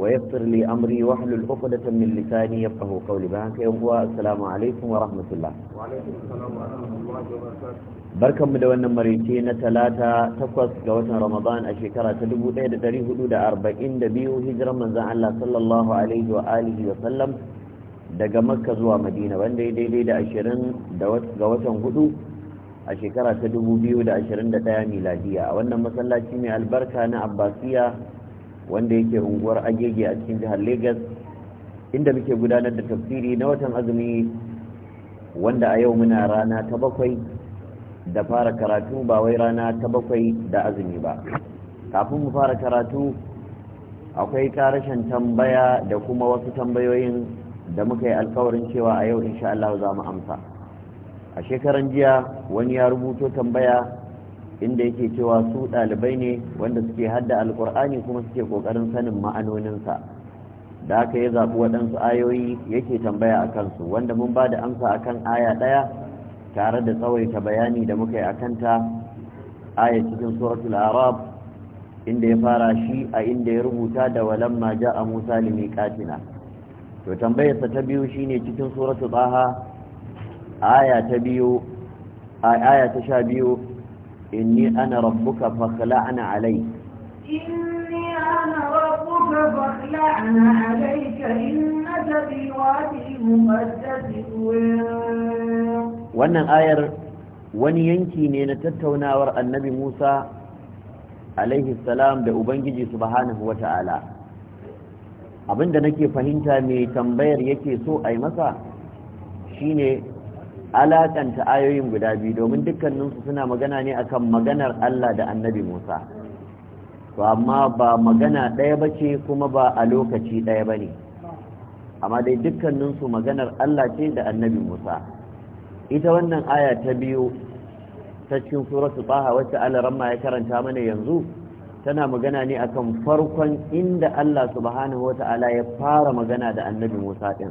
ويسر لي أمري واحلل عقدة من لساني يفقه قولي بهاك يوم السلام عليكم ورحمة الله وعليكم السلام ورحمة الله وبركاته بركة مدونة مريتين ثلاثة تقص قوة رمضان الشكرة تدبو إحدى تريه دودة أربعين دبيو هجرة من زعل الله صلى الله عليه وآله وسلم daga makka zuwa madina wanda ya daidai da ashirin ga watan hudu a shekara ta dubu biyu da ashirin da ɗaya miladiya a wannan masallaci mai albarka na abbasiya wanda yake unguwar agege a cikin jihar lagos inda muke gudanar da tafsiri na watan azumi wanda a yau muna rana ta bakwai da fara karatu ba wai rana ta bakwai da azumi ba kafin mu fara karatu akwai karashin tambaya da kuma wasu tambayoyin da muka yi alkawarin cewa a yau insha Allah za mu amsa a shekaran jiya wani ya rubuto tambaya inda yake cewa su ɗalibai ne wanda suke hadda alƙur'ani kuma suke ƙoƙarin sanin ma'anoninsa da aka yi zaɓi waɗansu ayoyi yake tambaya a kansu wanda mun ba da amsa a kan aya ɗaya tare da tsawaita bayani da muka yi a kanta aya cikin suratul arab inda ya fara shi a inda ya rubuta da walamma ja a musa limi katina to tambayarsa ta biyu shine cikin suratul taha aya ta biyu aya ta sha biyu inni ana rabbuka fakhla'na alayk inni ana rabbuka fakhla'na alayka innaka biwadi muqaddasin wannan ayar wani yanki ne na tattaunawar annabi Musa alaihi salam da ubangiji subhanahu wata'ala abinda nake fahimta mai tambayar yake so a yi masa shine alakanta ayoyin guda biyu domin dukkaninsu suna magana ne akan maganar Allah da annabi Musa to amma ba magana ɗaya ba ce kuma ba a lokaci ɗaya bane, ne amma dai dukkaninsu maganar Allah ce da annabi Musa ita wannan aya ta biyu ta cikin suratu baha wacce alaramma ya karanta mana yanzu tana magana ne akan farkon inda Allah subhanahu wata'ala ya fara magana da annabi Musa din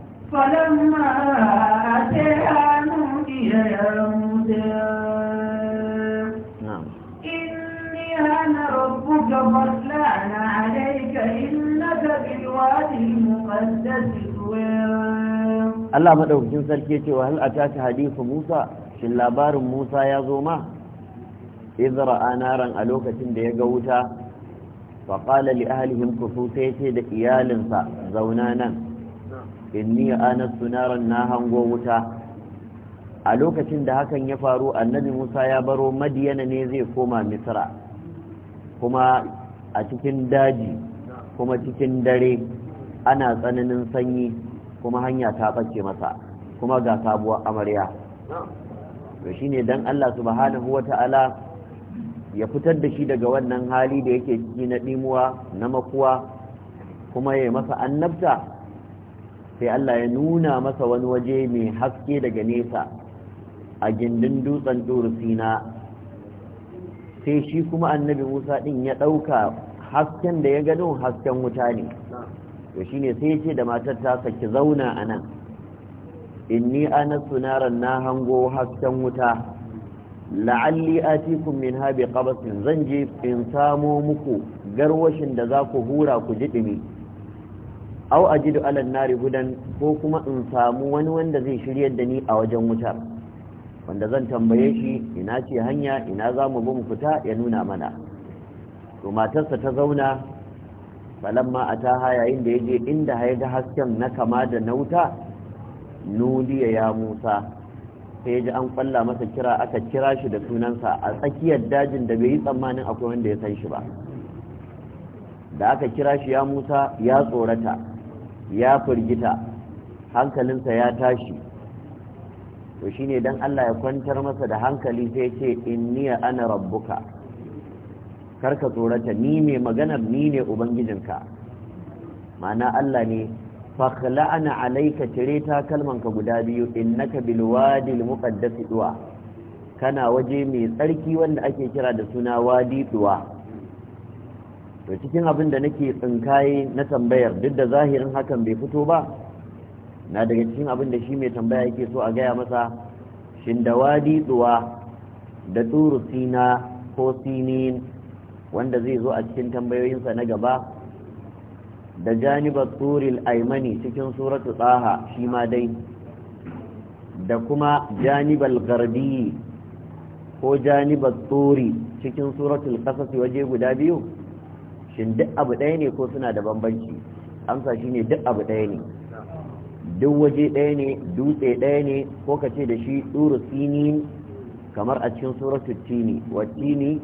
فلما أتيها نودي يا موسى إني أنا ربك فاطلعنا عليك إنك بالوادي المقدس Allah madaukakin sarki yace wa hal ataka hadisu Musa shin labarin Musa ya zo ma izra anaran a lokacin da ya ga wuta fa qala li ahlihim kufu sai yace da iyalinsa zauna nan inni anastu naran na hango wuta a lokacin da hakan ya faru annabi Musa ya baro Madiyana ne zai koma Misra kuma a cikin daji kuma cikin dare ana tsananin sanyi kuma hanya ta ɓace masa kuma ga sabuwar amarya to shine dan Allah subhanahu wata'ala ya fitar da shi daga wannan hali da yake ciki na dimuwa na makuwa kuma ya masa annabta sai Allah ya nuna masa wani waje mai haske daga nesa a gindin dutsen sina sai shi kuma annabi musa ɗin ya ɗauka hasken da ya gano hasken wuta ne to ne sai ya ce da matar ta saki zauna a nan inni ana sunaran na hango hasken wuta la'alli a cikin min habi qabasin zan je in samo muku garwashin da za ku hura ku ji ɗumi au a ajidu alan nari gudan ko kuma in samu wani wanda zai shirya da ni a wajen wuta wanda zan tambaye shi ina ce hanya ina za mu bi mu fita ya nuna mana to matarsa ta zauna ta ta yayin da yaje inda haye ga hasken na kama da na wuta nudiya ya Musa sai ji an kwalla masa kira aka kira shi da sunansa a tsakiyar dajin da bai yi tsammanin akwai wanda ya san shi ba da aka kira shi ya Musa ya tsorata ya firgita hankalinsa ya tashi to shine dan Allah ya kwantar masa da hankali sai ce inni ana rabbuka karka tsorata ni ne maganar ni ne ubangijinka ma'ana Allah ne la'ana alaika cire ta kalmanka guda biyu innaka bil wadil muqaddas duwa kana waje mai tsarki wanda ake kira da suna wadi duwa to cikin abin da nake tsinkaye na tambayar duk da zahirin hakan bai fito ba na daga cikin abin da shi mai tambaya yake so a gaya masa shin da wadi tsuwa da tsuru sina ko sinin wanda zai zo a cikin tambayoyinsa na gaba da janibar turil aimani cikin suratu tsaha shi ma dai da kuma janibar gardi ko janibar tsuri cikin suratul kasasi waje guda biyu shin duk abu ɗaya ne ko suna da bambanci amsa shine duk abu ɗaya ne duk waje ɗaya ne dutse ɗaya ne ko ka ce da shi ɗuru kamar a cikin suratul tini ne tini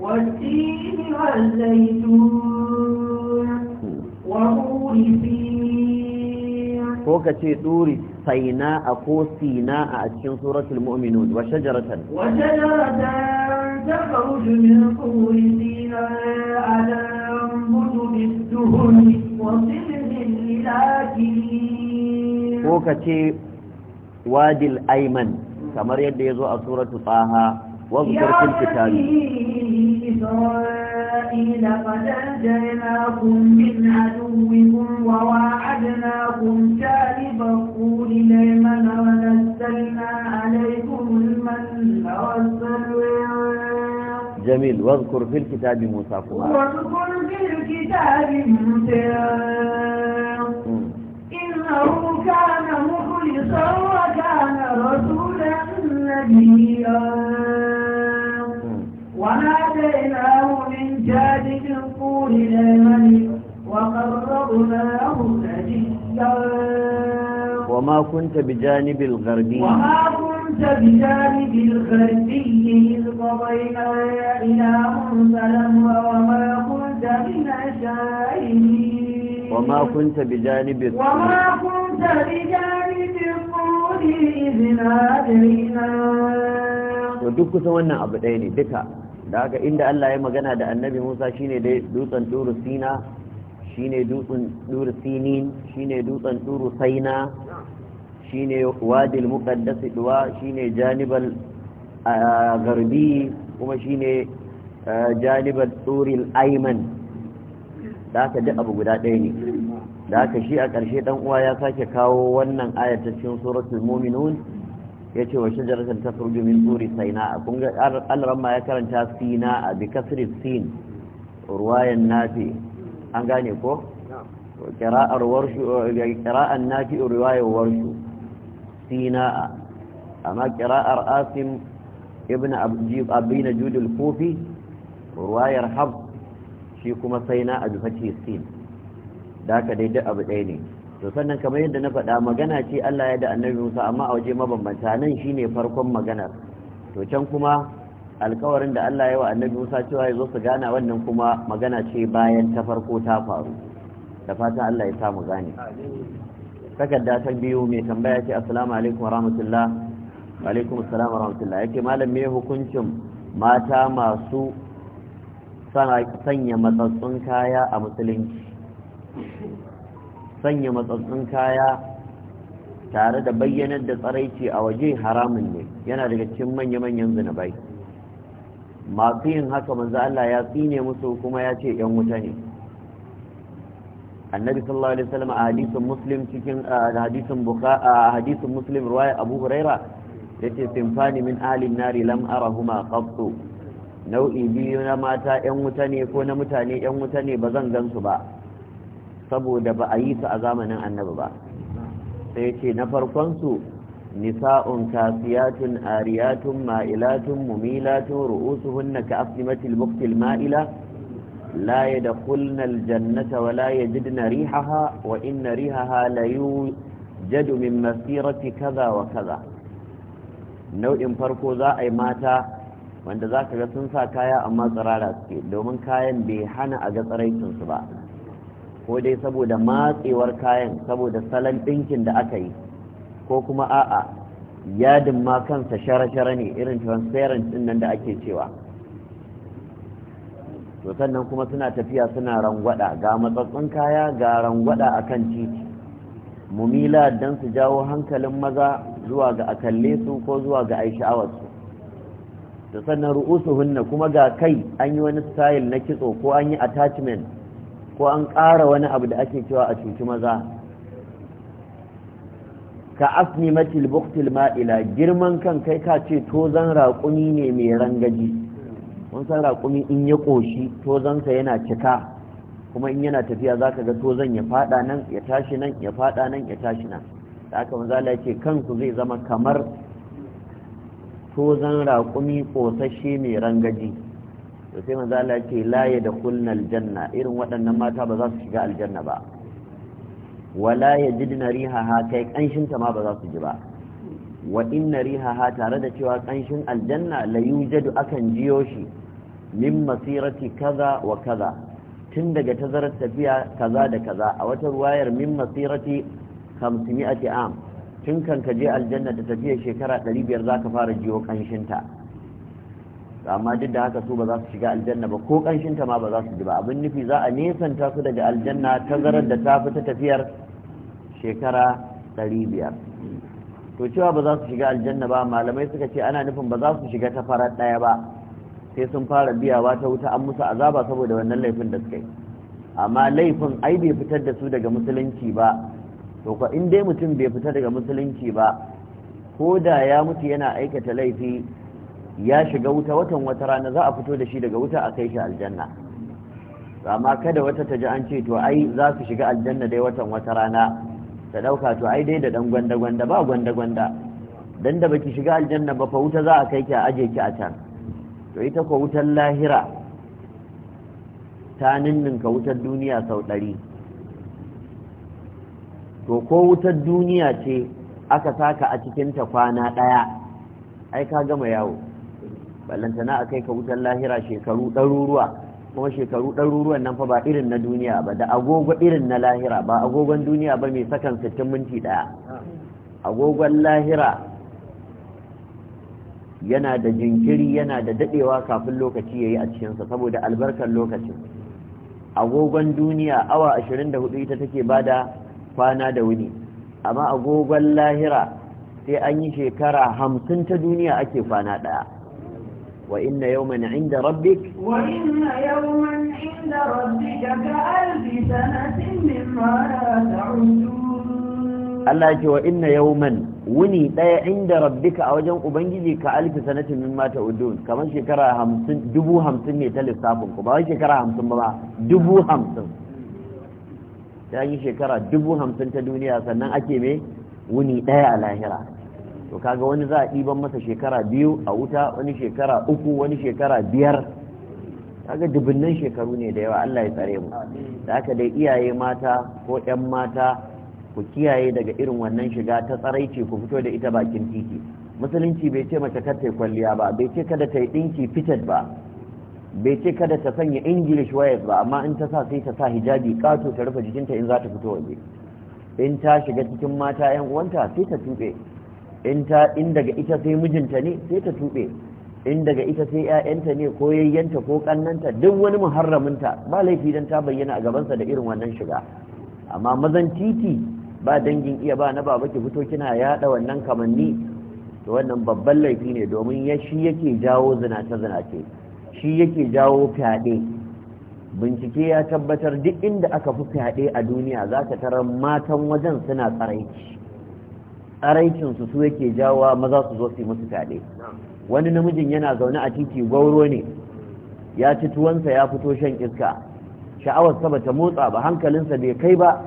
wa tini wa zaitun hmm. wa ko ka ce turi saina a ko sina a cikin suratul mu'minun wa shajaratan wa shajaratan takhruju min turi sina ala butubi duhun wa sidrin ko ka ce wadil ayman kamar yadda ya zo a suratul taha wa zikr fil kitabi لقد أنجيناكم من عدوكم وواعدناكم جانب الطول ليمن ونزلنا عليكم المن والسلوى جميل واذكر في الكتاب موسى كما واذكر في الكتاب موسى إنه كان مخلصا وكان رسولا نبيا وناديناه الحجاج في القول الأيمن وقربناه نجيا وما كنت بجانب الغربي وما كنت بجانب الغربي إذ قضينا إلى مرسلا وما كنت من الشاهدين وما كنت بجانب وما كنت بجانب الطول إذ نادينا ودك سوى أبدين دكا da haka inda Allah ya magana da annabi Musa shine da dutsen duru sina shine dutsen duru sinin shine dutsen duru saina shine wadil muqaddas duwa shine janibal garbi kuma shine janibal turil ayman da haka duk abu guda ɗaya ne da haka shi a ƙarshe ɗan uwa ya sake kawo wannan ayatar cikin suratul mu'minun ya ce wa shajaratar ta furju min turi saina kun ga alramma ya karanta sina a bi kasri sin ruwayan nafi an gane ko kira'ar warshu nafi ruwayan warshu sina amma kira'ar asim ibn abin jud kofi ruwayar hab shi kuma saina a bi fatih sin da ka daidai abu ɗaya ne to sannan kamar yadda na faɗa magana ce Allah ya da annabi Musa amma a waje mabambanta nan shine farkon maganar to can kuma alkawarin da Allah ya wa annabi Musa cewa ya zo su gana wannan kuma magana ce bayan ta farko ta faru da fatan Allah ya samu gane takarda ta biyu mai tambaya ce assalamu alaikum wa rahmatullah wa alaikum assalam yake malam me hukuncin mata masu sanya matsatsun kaya a musulunci sanya matsatsun kaya tare da bayyanar da tsaraici a waje haramun ne yana daga cikin manya-manyan zinabai masu yin haka manzo Allah ya tsine musu kuma ya ce ‘yan wuta ne annabi sallallahu alaihi wasallam a hadisin muslim cikin hadisin buka a hadisin muslim riwaya abu huraira yace sinfani min ahlin nari lam arahuma nau'i biyu na mata ‘yan wuta ne ko na mutane ‘yan wuta ne ba zan gansu ba saboda ba a yi su a zamanin annabi ba sai ce na farkon su nisa'un kasiyatun ariyatun ma'ilatun mumilatun ru'usuhunna ka aslimatil muktil ma'ila la yadkhulna aljannata wa la yajidna rihaha wa inna rihaha la yujadu min masirati kaza wa kaza nau'in farko za a yi mata wanda za ka ga sun sa kaya amma tsirara suke domin kayan bai hana a ga tsiraicinsu ba ko dai saboda matsewar kayan saboda salon ɗinkin da aka yi ko kuma a'a yadin ma kansa shara-shara ne irin transparent ɗin nan da ake cewa to sannan kuma suna tafiya suna rangwada ga matsatsun kaya ga rangwada akan titi mumila don su jawo hankalin maza zuwa ga a kalle su ko zuwa ga a yi sha'awarsu to sannan ru'usuhunna kuma ga kai an yi wani style na kitso ko an yi attachment ko an ƙara wani abu da ake cewa a cuci maza ka asni matil buktil ma'ila girman kan kai ka ce tozan raƙumi ne mai rangaji wani san raƙumi in ya ƙoshi tozansa yana cika kuma in yana tafiya za ka ga tozan ya faɗa nan ya tashi nan ya faɗa nan ya tashi nan da aka mazala ce kanku zai zama kamar tozan raƙumi ƙosashe mai rangaji to sai manzo Allah yake la aljanna irin waɗannan mata ba za su shiga aljanna ba wala yajidna rihaha kai kanshin ta ma ba za su ji ba wa inna rihaha tare da cewa kanshin aljanna la yujadu akan jiyo shi min masirati kaza wa kaza tun daga tazarar tafiya kaza da kaza a wata ruwayar min masirati 500 am tun kan ka je aljanna ta tafiya shekara 500 zaka fara jiyo kanshin ta amma duk da haka su ba za su shiga aljanna ba ko kanshin ta ma ba za su ji ba abin nufi za a nesanta su daga aljanna tazarar da ta fita tafiyar shekara 500 to cewa ba za su shiga aljanna ba malamai suka ce ana nufin ba za su shiga ta farar daya ba sai sun fara biyawa ta wuta an musu azaba saboda wannan laifin da suka yi amma laifin ai bai fitar da su daga musulunci ba to ko in dai mutum bai fita daga musulunci ba ko da ya mutu yana aikata laifi ya shiga wuta watan wata rana za a fito da shi daga wuta a kai shi aljanna amma kada wata ta ji an ce to ai za su shiga aljanna dai watan wata rana ta ɗauka to ai dai da ɗan gwanda-gwanda ba gwanda-gwanda don da baki shiga aljanna ba fa wuta za a kai ki a aje ki a can to ita ko wutan lahira ta ninninka wutar duniya sau ɗari to ko wutar duniya ce aka saka a cikinta kwana ɗaya ai ka gama yawo ballantana a kai ka wutar lahira shekaru ɗaruruwa kuma shekaru ɗaruruwan nan fa ba irin na duniya ba da agogo irin na lahira ba agogon duniya ba mai sakan sittin minti ɗaya agogon lahira yana da jinkiri yana da daɗewa kafin lokaci ya yi a cikinsa saboda albarkar lokacin agogon duniya awa 24 ita take da kwana da wuni amma agogon lahira sai an yi shekara hamsin ta duniya ake kwana ɗaya وان يوما عند ربك وان يوما عند ربك كالف سنه مما تعدون الله يجي وان يوما وني داي عند ربك او وجن ubangiji ka alf sanat min ma taudun kaman shekara dubu 50 ne ta lissafin ku ba shekara 50 ba dubu 50 ta yi shekara dubu 50 ta duniya sannan ake me wuni daya a lahira to kaga wani za a ɗiban masa shekara biyu a wuta wani shekara uku wani shekara biyar kaga dubinnan shekaru ne da yawa Allah ya tsare mu da aka dai iyaye mata ko ƴan mata ku kiyaye daga irin wannan shiga ta tsaraici ku fito da ita bakin titi musulunci bai ce mace kar ta yi kwalliya ba bai ce kada ta yi ɗinki fitted ba bai ce kada ta sanya english wires ba amma in ta sa sai ta sa hijabi kato ta rufe jikinta in za ta fito waje in ta shiga cikin mata yan uwanta sai ta tuɓe in ta in daga ita sai mijinta ne sai ta tube in daga ita sai ƴaƴanta ne ko yayyanta ko kannanta duk wani muharraminta ba laifi dan ta bayyana a gabansa da irin wannan shiga amma mazan titi ba dangin iya ba na baba ki fito kina yada wannan kamanni to wannan babban laifi ne domin ya shi yake jawo zinace zinace shi yake jawo fyaɗe bincike ya tabbatar duk inda aka fi fyaɗe a duniya za ka tarar matan wajen suna tsaraici karancin su su yake jawa maza su zo su yi musu fyaɗe wani namijin yana zaune a titi gwauro ne ya ci tuwansa ya fito shan iska Sha'awar ba ta motsa ba hankalinsa bai kai ba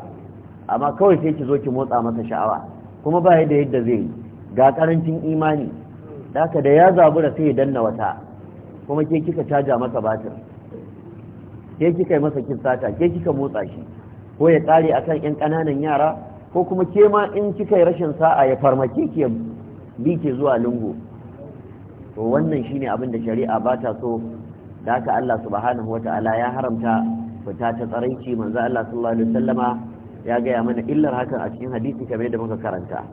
amma kawai sai ki zo ki motsa masa sha'awa kuma ba yadda yadda zai yi ga karancin imani daka da ya zabura sai ya danna wata kuma ke kika caja masa batir ke kika yi masa kin sata ke kika motsa shi ko ya tsare akan yan ƙananan yara ko kuma ke ma in kika yi rashin sa'a ya farmake ki bi ke zuwa lungu to wannan shine abin da shari'a ba ta so da haka Allah subhanahu wata'ala ya haramta fita ta tsaraici manzo Allah sallallahu alaihi wasallama ya gaya mana illar hakan a cikin hadisi kamar da muka karanta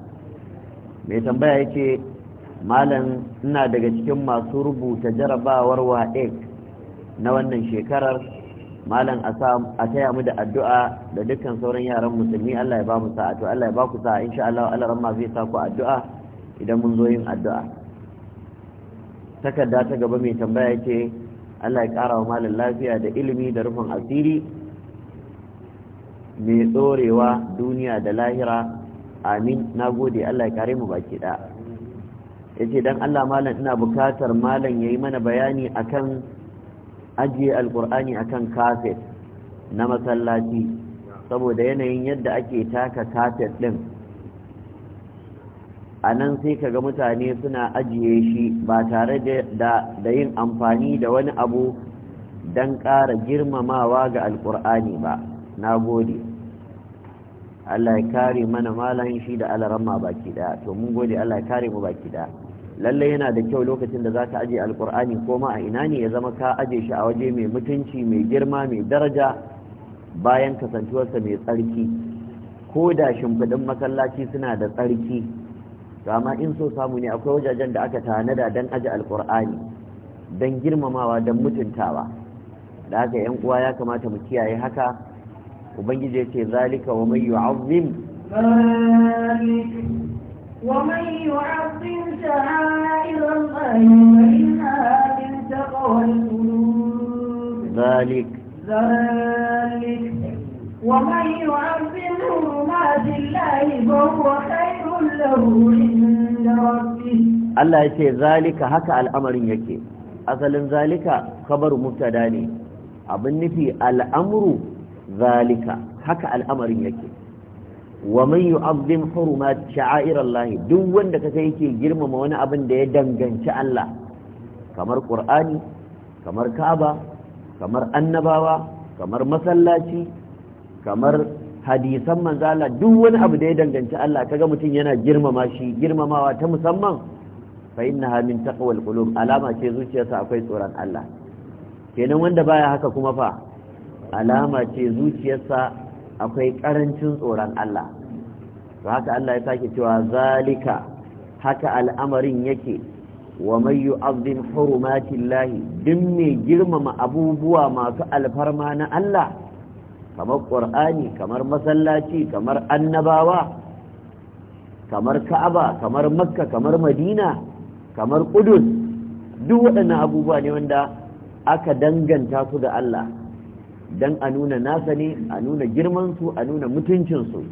mai tambaya yake malam ina daga cikin masu rubuta jarabawar wa'ek na wannan shekarar malam a taya mu da addu'a da dukkan sauran yaran musulmi Allah ya ba mu sa'a to Allah ya ba ku sa'a insha Allah Allah ramma zai sa ku addu'a idan mun zo yin addu'a takarda ta gaba mai tambaya ce Allah ya ƙara wa malam lafiya da ilimi da rufin asiri mai tsorewa duniya da lahira amin na gode Allah ya kare mu baki ɗaya yace ce Allah malam ina bukatar malam ya yi mana bayani akan ajiye alkur'ani akan kafet na masallaci saboda yanayin yadda ake taka kafet ɗin a nan sai kaga mutane suna ajiye shi ba tare da yin amfani da wani abu don ƙara girmamawa ga alkur'ani ba na gode Allah ya kare mana malayin shi da alarama baki ɗaya to mun gode Allah ya kare mu baki ɗaya Lallai yana da kyau lokacin da za ka aje alkur'ani ko ma a ina ne ya zama ka aje shi a waje mai mutunci mai girma mai daraja bayan kasantuwarsa mai tsarki ko da shimfiɗin masallaci suna da tsarki amma in so samu ne akwai wajajen da aka tanada don aje alkur'ani don girmamawa don mutuntawa da haka yan uwa ya kamata mu kiyaye haka ubangiji ya ce zalika wa mai yu'azzim ومن يعظم شعائر الله فإنها من تقوى القلوب ذلك ذلك ومن يعظم حرمات الله فهو خير له عند ربه Allah ce, Zalika haka al’amarin yake, asalin zalika, kabar mutada ne, abin nufi al'amru zalika haka al’amarin yake. wa man yu'azzim hurumat sha'airallahi duk wanda kaga yake girmama wani abin da ya danganci Allah kamar Ƙur'ani, kamar Kaaba kamar annabawa kamar masallaci kamar hadisan manzala duk wani abu da ya danganci Allah kaga mutum yana girmama shi girmamawa ta musamman fa innaha min taqwal qulub alama ce zuciyarsa akwai tsoron Allah kenan wanda baya haka kuma fa alama ce zuciyarsa akwai ƙarancin tsoron Allah to haka Allah ya sake cewa zalika haka al'amarin yake wa mai yu'azzim hurumatillahi din mai girmama abubuwa masu alfarma na Allah kamar ƙur'ani kamar masallaci kamar annabawa kamar ka'aba kamar makka kamar madina kamar Qudus duk waɗannan abubuwa ne wanda aka danganta su da Allah dan a nuna nasa ne a nuna girman su a nuna mutuncinsu,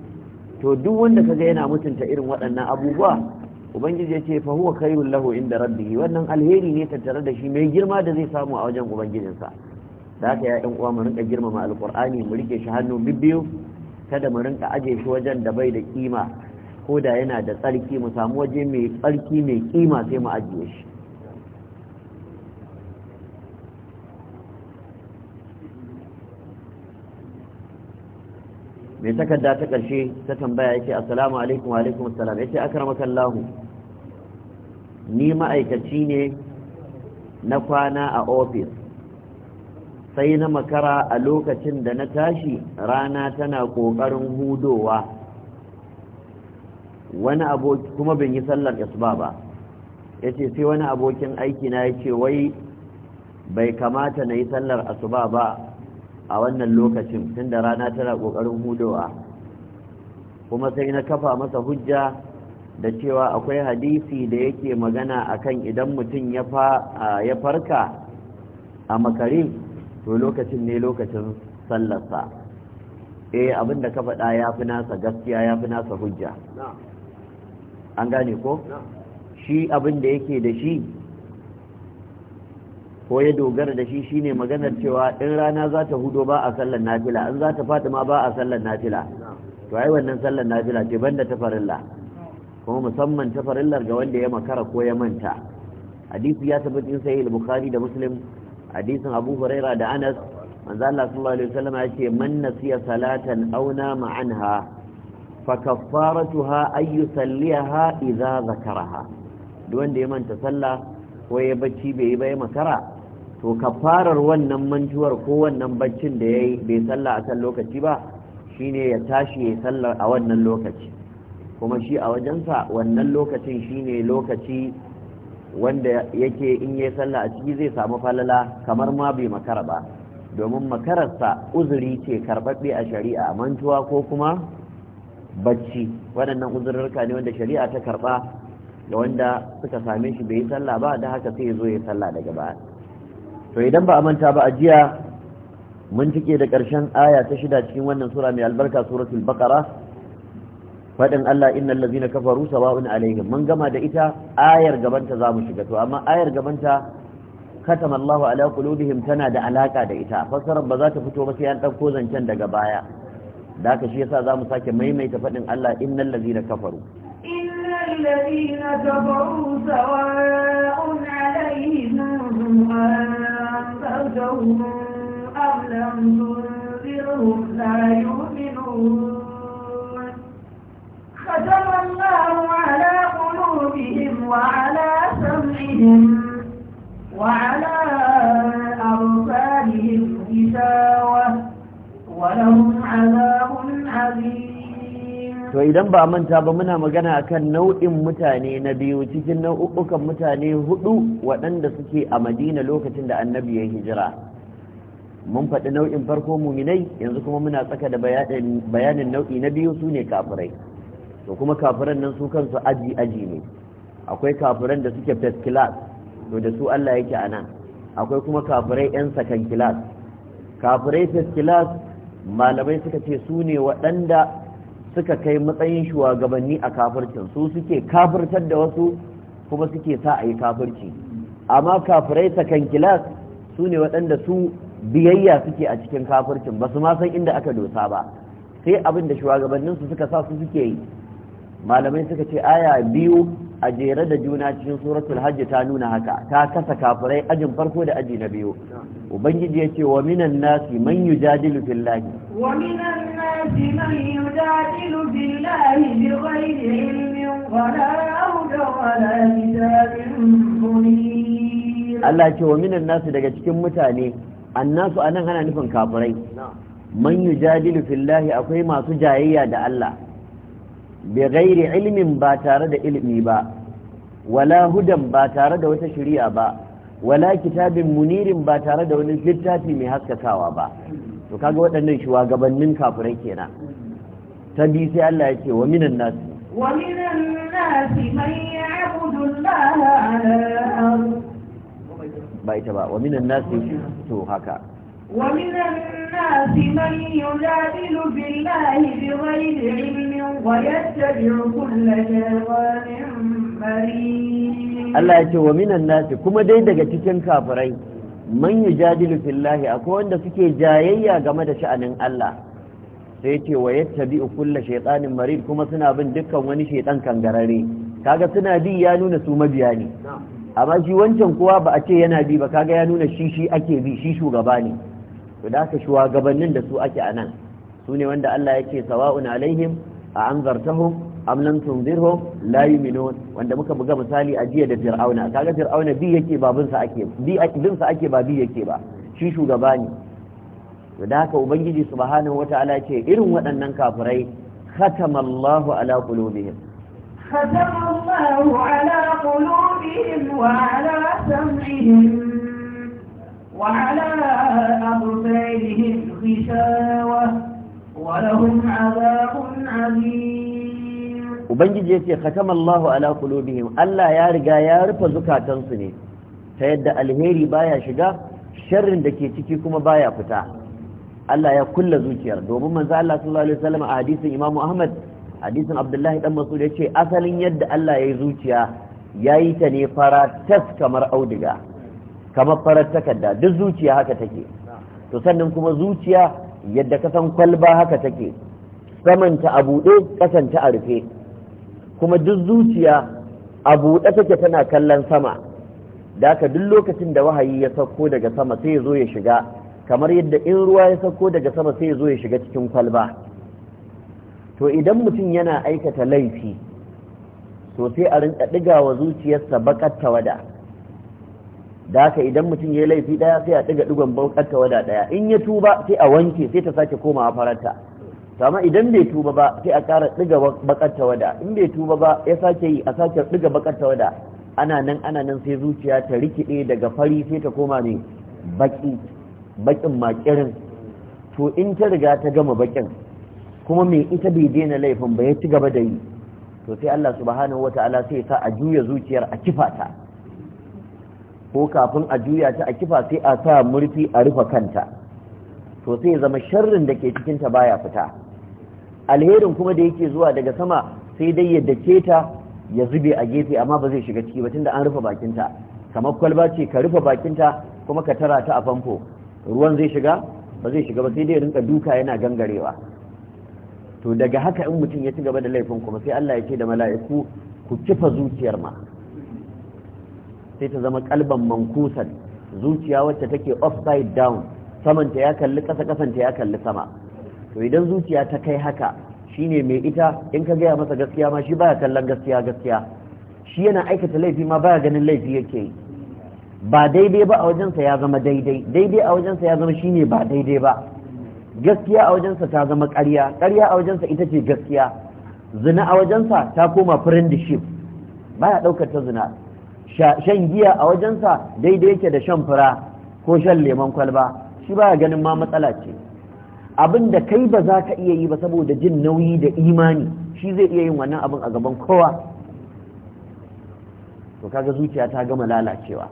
to duk wanda kaga yana mutunta irin waɗannan abubuwa ubangiji yace fa huwa khairul lahu inda rabbihi wannan alheri ne tattare da shi mai girma da zai samu a wajen ubangijinsa da haka ya ɗan uwa mu rinka girmama alqur'ani mu rike shi hannu bibbiyu kada mu rinka aje shi wajen da bai da kima ko da yana da tsarki mu samu waje mai tsarki mai kima sai mu ajiye shi mai takarda ta ƙarshe ta tambaya yake assalamu alaikum wa alaikum assalam yace akramaka Allah ni ma'aikaci ne na kwana a ofis sai na makara a lokacin da na tashi rana tana ƙoƙarin hudowa wani aboki kuma bin yi sallar isba ba yace sai wani abokin aiki na yace wai bai kamata na yi sallar asuba ba a wannan lokacin tun da rana tana ƙoƙarin hudowa kuma sai na kafa masa hujja da cewa akwai hadisi da yake magana akan idan mutum ya farka a makare to lokacin ne lokacin sallarsa eh abinda ka faɗa ya fi nasa gaskiya ya fi nasa hujja an gane ko shi abin da yake da shi ko ya dogara da shi shine maganar cewa in rana za ta hudo ba a sallar nafila in za ta fata ma ba a sallar nafila to ai wannan sallar nafila ce banda ta farilla kuma musamman ta ga wanda ya makara ko ya manta hadisi ya tabbatin sahih al-bukhari da muslim hadisin abu huraira da anas manzo Allah sallallahu alaihi wasallam ya ce man nasiya salatan aw nama anha fa kaffaratuha ay yusalliha idza zakaraha duk wanda ya manta sallah ko ya bacci bai yi ba ya makara to kafarar wannan mantuwar ko wannan baccin da ya bai sallah a kan lokaci ba shine ya tashi ya sallar a wannan lokaci kuma shi a wajensa wannan lokacin shine lokaci wanda yake in ya salla a ciki zai samu falala kamar ma bai makara ba domin makararsa uzuri ce karɓaɓɓe a shari'a mantuwa ko kuma bacci waɗannan uzurarka ne wanda shari'a ta karɓa da wanda suka same shi bai yi sallah ba da haka sai ya zo ya sallah daga baya to idan ba a manta ba a jiya mun cike da ƙarshen aya ta shida cikin wannan sura mai albarka suratul baqara fadin Allah innal ladzina kafaru sawa'un alaihim mun gama da ita ayar gabanta zamu shiga to amma ayar gabanta katama Allahu ala qulubihim tana da alaka da ita fasarar ba za ta fito ba sai an dauko zancen daga baya da haka shi yasa zamu sake maimaita fadin Allah innal ladzina kafaru innal ladzina kafaru sawa'un alaihim تنذرهم أم لم تنذرهم لا يؤمنون ختم الله على قلوبهم وعلى سمعهم وعلى أرصادهم غشاوة ولهم عذاب عظيم to idan ba manta ba muna magana akan nau'in mutane na biyu cikin nau'ukan mutane hudu waɗanda suke a madina lokacin da annabi ya hijira mun faɗi nau'in farko muminai yanzu kuma muna tsaka da bayanin nau'i na biyu su ne kafirai to kuma kafiran nan su kansu aji aji ne akwai kafiran da suke first class to da su Allah yake a nan akwai kuma kafirai 'yan second class kafirai first class malamai suka ce su ne waɗanda suka kai matsayin shugabanni a kafircin su suke kafirtar da wasu kuma suke sa a yi kafirci amma kafirai sakan kilas su ne waɗanda su biyayya suke a cikin kafircin ba su ma san inda aka dosa ba sai abin da shugabanninsu suka sa su suke yi malamai suka ce aya biyu ajere da juna cikin suratul hajj ta nuna haka ta kasa kafirai ajin farko da aji na biyu ubangiji ya ce wa minan nasi man yujadilu billahi wa minan nasi man yujadilu billahi bi ghairi ilmin wa la hudan wala kitabin Allah ya ce wa minan nasi daga cikin mutane annasu anan ana nufin kafirai man yujadilu billahi akwai masu jayayya da Allah bi ghairi ilmin ba tare da ilimi ba wala hudan ba tare da wata shari'a ba wala kitabin munirin ba tare da wani littafi mai haskakawa ba to kaga waɗannan shugabannin kafirai kenan ta bi sai Allah ya ce wa minan nas wa minan nas man ya'budu Allah ba ita ba wa minan nas to haka ومن الناس من يجادل بالله بغير علم ويتبع كل شيطان مريض الله يقول ومن الناس كما دي daga cikin kafirai man yujadilu fillahi akwai wanda suke jayayya game da sha'anin Allah sai ce wa yattabi'u kullu shaytanin marid kuma suna bin dukkan wani shaytan kangarare kaga suna bi ya nuna su mabiya ne amma shi wancan kuwa ba a ce yana bi ba kaga ya nuna shi shi ake bi shi shugaba ne to da aka shugabannin da su ake anan su ne wanda Allah yake sawa'un alaihim a anzartahum am lam tunzirhum la yu'minun wanda muka buga misali a jiya da fir'auna kaga fir'auna bi yake babin sa ake bi bin sa ake ba bi yake ba shi shugaba ne to da haka ubangiji subhanahu wataala ce irin waɗannan kafirai khatamallahu ala qulubihim khatamallahu ala qulubihim wa ala sam'ihim وعلى أبصارهم غشاوة ولهم عذاب عظيم وبنجي يتي ختم الله على قلوبهم ألا يا رجا يا رب زكاة سني فيدى الهيري بايا شجا شر دكي تكي كما بايا فتاة Allah ya kulla zuciyar domin manzo Allah sallallahu alaihi wasallam a hadisin Imam Ahmad hadisin Abdullahi dan Mas'ud yace asalin yadda Allah ya yi zuciya yayi ta ne fara tas kamar auduga kamar farar takarda duk zuciya haka take to sannan kuma zuciya yadda ka san kwalba haka take samanta a buɗe ƙasan a rufe kuma duk zuciya a buɗe take tana kallon sama da haka duk lokacin da wahayi ya sauko daga sama sai zo ya shiga kamar yadda in ruwa ya sauko daga sama sai ya zo ya shiga cikin kwalba to idan mutum yana aikata laifi to sai a rinka ɗiga wa zuciyarsa baƙar tawada da haka idan mutum ya yi laifi daya sai a ɗiga ɗigon ta wada daya in ya tuba sai a wanke sai ta sake komawa faranta to amma idan bai tuba ba sai a ƙara ɗiga ta wada, in bai tuba ba ya sake yi a sake ɗiga ta wada, ana nan ana nan sai zuciya ta rikide daga fari sai ta koma ne baki bakin makirin to in ta riga ta gama bakin kuma me ita bai daina laifin ba ya ci gaba da yi to sai Allah subhanahu wataala sai ya sa a juya zuciyar a kifa ta ko kafin a juya ta a kifa sai a sa murfi a rufe kanta to sai zama sharrin da ke cikinta baya fita alherin kuma da yake zuwa daga sama sai dai ya dake ta ya zube a gefe amma ba zai shiga ciki ba tunda an rufe bakinta kamar kwalba ce ka rufe bakinta kuma ka tara ta a famfo ruwan zai shiga ba zai shiga ba sai dai rinka duka yana gangarewa to daga haka in mutum ya ci gaba da laifin kuma sai Allah ya ce da mala'iku ku kifa zuciyar ma sai ta zama kalban mankusan zuciya wacce take upside down samanta ya kalli ƙasa ƙasanta ya kalli sama to idan zuciya ta kai haka shine mai ita in ka gaya masa gaskiya ma shi baya kallon gaskiya gaskiya shi yana aikata laifi ma baya ganin laifi yake yi ba daidai ba a wajensa ya zama daidai daidai a wajensa ya zama shine ba daidai ba gaskiya a wajensa ta zama ƙarya ƙarya a wajensa ita ce gaskiya zina a wajensa ta koma friendship baya ɗaukar ta zina shan giya a wajensa daidai yake da shan fura ko shan lemon kwalba shi ba ganin ma matsala ce abin da kai ba za ka iya yi ba saboda jin nauyi da imani shi zai iya yin wannan abin a gaban kowa to kaga zuciya ta gama lalacewa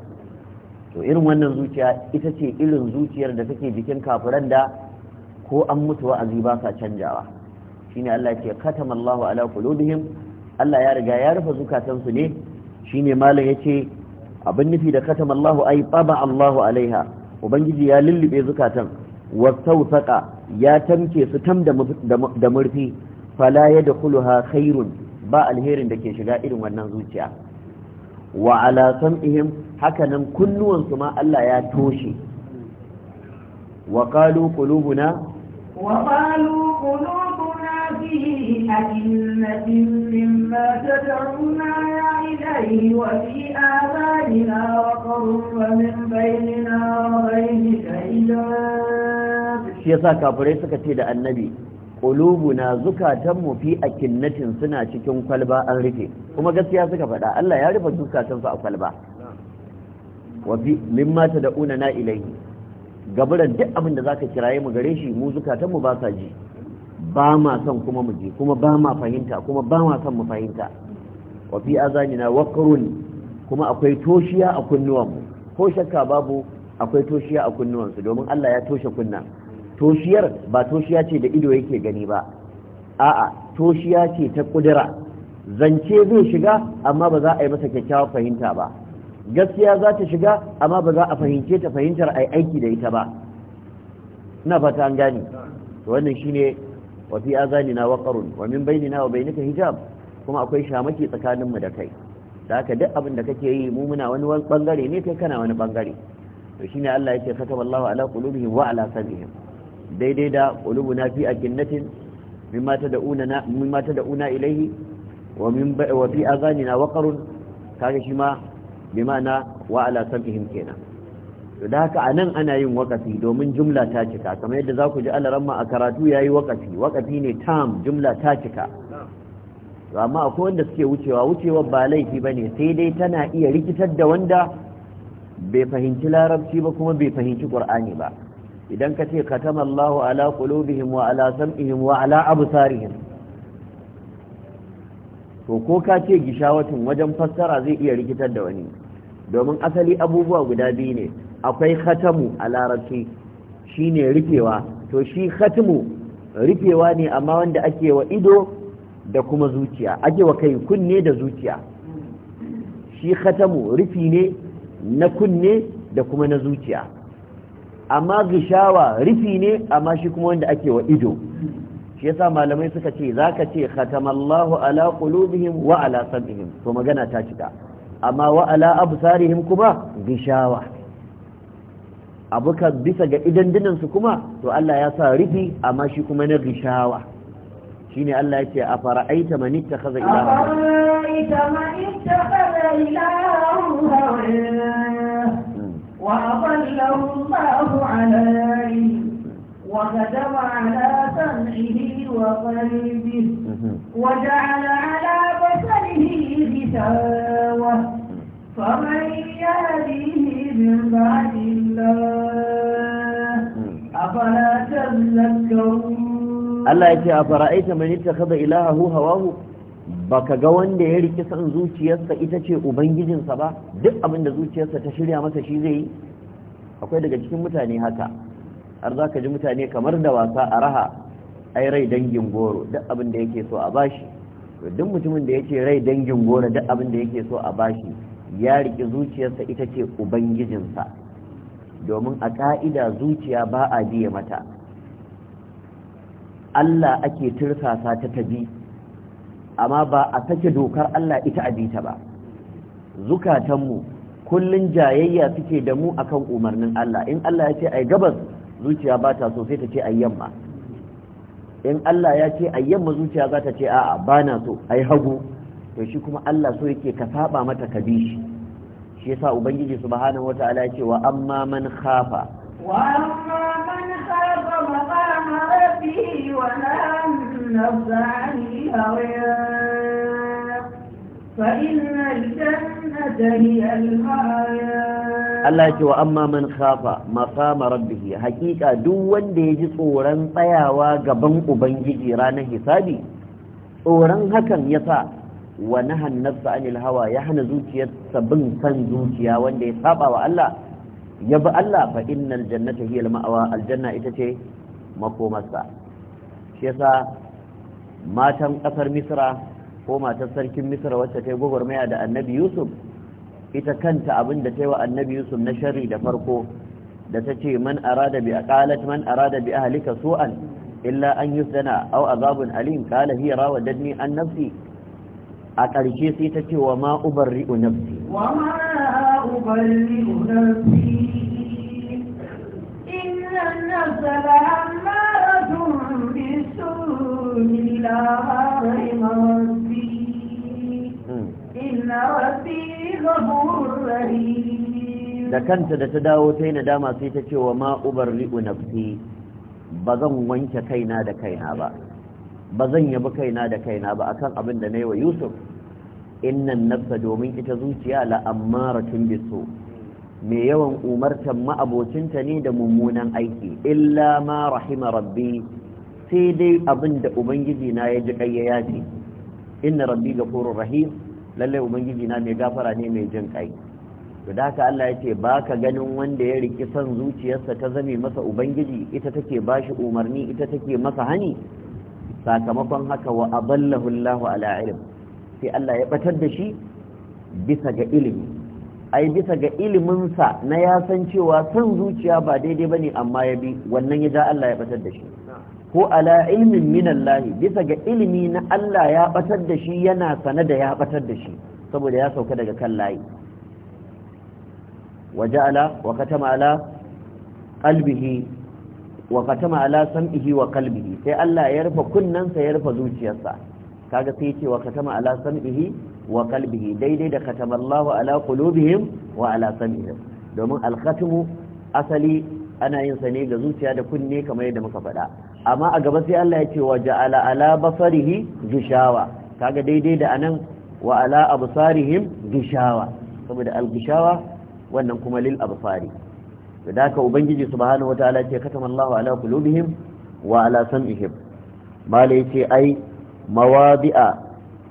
to irin wannan zuciya ita ce irin zuciyar da take jikin kafiran da ko an mutu wa'azi ba sa canjawa shine Allah ya ce katamallahu ala qulubihim Allah ya riga ya rufe zukatansu ne shine malam yace abin nufi da katama Allahu ai taba Allahu alaiha ubangiji ya lullube zukatan sautaka ya tamke su tam da murfi fala yadkhuluha khairun ba alherin da ke shiga irin wannan zuciya wa ala sam'ihim hakanan kunnuwansu ma Allah ya toshe wa qalu qulubuna وقالوا قلوبنا فيه أجنة مما تدعونا إليه وفي آذاننا وقر ومن بيننا وبينك حجاب shi yasa kafirai suka ce da annabi na zukatanmu fi akinnatin suna cikin kwalba an rufe kuma gaskiya suka faɗa Allah ya rufe zukatansu a kwalba wa fi mimma una na ilayhi gaburan duk abin da zaka kiraye mu gare shi mu zukatan mu ba sa ji ba ma son kuma mu ji kuma ba ma fahimta kuma ba ma son mu fahimta wa fi azanina waqrun kuma akwai toshiya a kunnuwan mu ko shakka babu akwai toshiya a kunnuwan su domin Allah ya toshe kunna toshiyar ba toshiya ce da ido yake gani ba a'a toshiya ce ta kudura zance zai shiga amma ba za a yi masa kyakkyawar fahimta ba gaskiya za ta shiga amma ba za a fahimce ta fahimtar a aiki da ita ba ina fata an gani wannan shi shine wa fi na waqarun wamin min bainina wa nika hijab kuma akwai shamaki tsakaninmu da kai da haka duk abin da kake yi mu muna wani bangare ne kai kana wani bangare to shi ne Allah yake wallahu ala qulubihim wa ala sam'ihim daidai da qulubuna fi akinnatin mimma tad'una mimma tad'una ilayhi wa min wa fi na waqarun kaga shi ma bi ma'ana wa ala sam'ihim kenan da haka anan ana yin wakafi domin jumla ta cika kamar yadda za ku ji alaramma a karatu yayi yi wakafi wakafi ne tam jumla ta cika amma akwai wanda suke wucewa wucewa ba laifi ba ne sai dai tana iya rikitar da wanda bai fahimci larabci ba kuma bai fahimci qur'ani ba idan ka ce katamallahu ala qulubihim wa ala sam'ihim wa ala absarihim to ko ka ce gishawatin wajen fassara zai iya rikitar da wani domin asali abubuwa guda biyu ne akwai khatamu a larabci ne rufewa to shi khatamu rufewa ne amma wanda ake wa ido da kuma zuciya ake wa kai kunne da zuciya shi khatamu rifi ne na kunne da kuma na zuciya amma gishawa rifi ne amma shi kuma wanda ake wa ido shi yasa malamai suka ce zaka ce khatamallahu ala qulubihim wa ala sam'ihim to magana ta cika amma wa ala absarihim kuma gishawa abu ka bisa ga idandunan su kuma to Allah ya sa rifi amma shi kuma na gishawa shine Allah yake a fara'aita man ittakhadha ilaha wa adallahu Allah ala وكتب على سمعه وقلبه وجعل على بصره غشاوة فمن يهديه من بعد الله أفلا تذكرون الله يتي أفرأيت ilaha hu hawahu ba ka ga wanda ya riki san zuciyarsa ita ce ubangijinsa ba duk abin da zuciyarsa ta shirya masa shi zai yi akwai daga cikin mutane haka har za ka ji mutane kamar da wasa a raha ai rai dangin goro duk abin da yake so a bashi duk mutumin da yake rai dangin goro duk abin da yake so a bashi ya rike zuciyarsa ita ce ubangijinsa domin a ƙa'ida zuciya ba a biye mata Allah ake tursasa ta tabi amma ba a sake dokar Allah ita a bita ba zukatanmu kullun jayayya suke da mu akan umarnin Allah in Allah ya ce ai gabas zuciya ba ta so sai ta ce ayyamma in Allah ya ce ayyamma zuciya za ta ce a'a ba na so ai hagu to shi kuma Allah so yake ka saba mata ka bi shi shi yasa ubangiji subhanahu wataala ya ce wa amma man khafa wa amma man khafa maqama rabbihi wa nahana nafsani hawa Allah ya ce wa amma man khafa maqama rabbih hakika duk wanda ya ji tsoron tsayawa gaban ubangiji ranar hisabi tsoron hakan yasa wa nahan nafsa anil hawa ya hana zuciyarsa bin san zuciya wanda ya saba wa Allah ya bi Allah fa innal jannata hiya al-ma'wa aljanna ita ce makomarsa shi matan ƙasar misra ko matar sarkin misra wacce ta yi gwagwarmaya da annabi yusuf ita kanta abin da ta yi wa annabi yusuf na shari da farko da ta ce man arada bi aqalat man arada bi ahlika su'an illa an yusdana aw azabun alim qala hiya rawadatni an nafsi a ƙarshe sai ta ce wa ma ubarri'u nafsi wa ma ubarri'u nafsi inna nafsa la'ammaratun bisu illa ma da kanta da ta dawo ta yi nadama sai ta cewa ma'ubar ma ubarri'u ba zan wanke kaina da kaina ba ba zan yabi kaina da kaina ba akan abin da na yi wa yusuf innan nafsa domin ita zuciya la'ammaratun biso mai yawan umartan ma'abocinta ne da mummunan aiki illa ma rahima rabbi sai dai abin da ubangiji na ya ji kayya ce inna rabbi gafurur rahim lallai ubangiji na mai gafara ne mai jin kai to da haka Allah ya ce ba ka ganin wanda ya riki son zuciyarsa ta zame masa ubangiji ita take ba shi umarni ita take masa hani sakamakon haka wa aballahu Allahu ala ilm sai Allah ya batar da shi bisa ga ilimi ai bisa ga iliminsa na ya san cewa son zuciya ba daidai bane amma ya bi wannan ya da Allah ya batar da shi ko ala ilmin minallahi, bisa ga ilimi na Allah ya batar da shi yana sane da ya batar da shi saboda ya sauka daga kan layi waja'ala wa katama ala qalbihi wa katama ala sam'ihi wa qalbihi sai Allah ya rufe kunnensa ya rufe zuciyarsa kaga sai yace wa katama ala sam'ihi wa qalbihi daidai da katama ala qulubihim wa ala sam'ihim domin al-khatmu asali ana yin sa ne ga zuciya da kunne kamar yadda muka faɗa amma a gaba sai Allah ya ce wa ja'ala ala basarihi gishawa kaga daidai da anan wa ala absarihim gishawa saboda al-gishawa wannan kuma lil absari to da haka ubangiji subhanahu wataala ce katamallahu ala qulubihim wa ala sam'ihim mala yace ai mawadi'a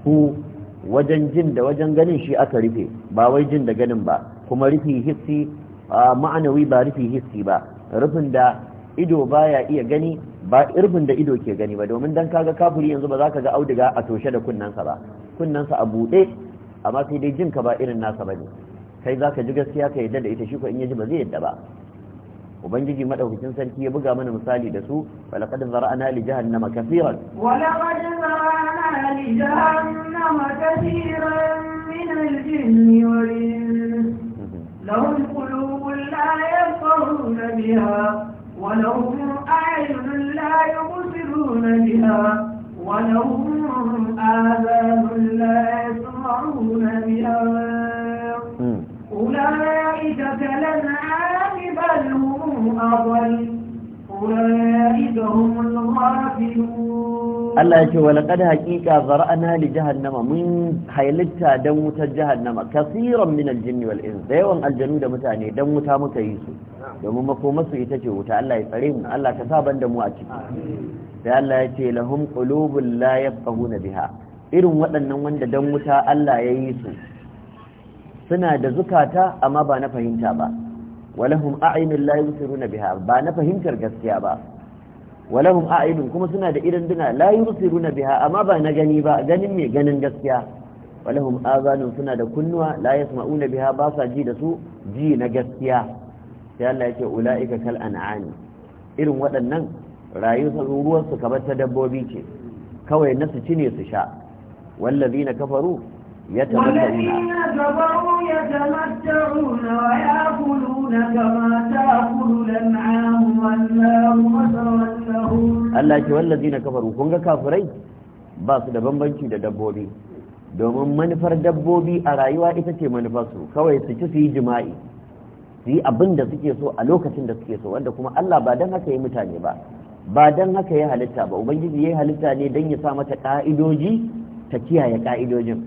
hu wajen jin da wajen ganin shi aka rufe ba wai jin da ganin ba kuma rufi hissi ma'anawi ba rufi hissi ba rufin da ido baya iya gani ba irbin da ido ke gani ba domin dan kaga kafuri yanzu ba za ka ga auduga a toshe da kunnansa ba kunnansa a buɗe amma sai dai jinka ba irin nasa ba ne kai za ka ji gaskiya ka yadda da ita shi ko in yaji ba zai yadda ba ubangiji madaukakin sarki ya buga mana misali da su walaqad zara'na li jahannama kaseeran walaqad zara'na li jahannama kaseeran min al-jinni wal-ins mhm. lahum qulubun la yafqahuna biha ولهم أعين لا يبصرون بها ولهم آذان لا يسمعون بها أولئك كالأنعام بل هم أضل أولئك هم الغافلون Allah ya ce wa laqad haqiqa zara'na li jahannama mun halitta dan wutar jahannama kaseeran min al-jinni wal ins da yawan aljanu da mutane dan wuta muka yi su domin masu ita ce wuta Allah ya tsare mu Allah ka sa ban mu a ciki sai Allah ya ce lahum qulubun la yafqahuna biha irin waɗannan wanda dan wuta Allah ya yi su suna da zukata amma ba na fahimta ba walahum a'yunun la yusiruna biha ba na fahimtar gaskiya ba walahum a'yunun kuma suna da idan duna la yusiruna biha amma ba na gani ba ganin mai ganin gaskiya walahum azanun suna da kunnuwa la yasma'una biha ba sa ji da su ji na gaskiya sai Allah yake ulaika kal an'am irin waɗannan rayuwar ruwan su kamar ta dabbobi ce kawai nasu cine su sha wallazina kafaru يتمتعون كفروا يتمتعون ويأكلون كما تأكل الأنعام والنار الله ba su da bambanci da dabbobi domin manufar dabbobi a rayuwa ita ce manufarsu kawai su ci su yi jima'i su yi abin da suke so a lokacin da suke so wanda kuma Allah ba don haka yi mutane ba ba don haka ya halitta ba ubangiji ya yi halitta ne don ya sa mata ka'idoji ta kiyaye ka'idojin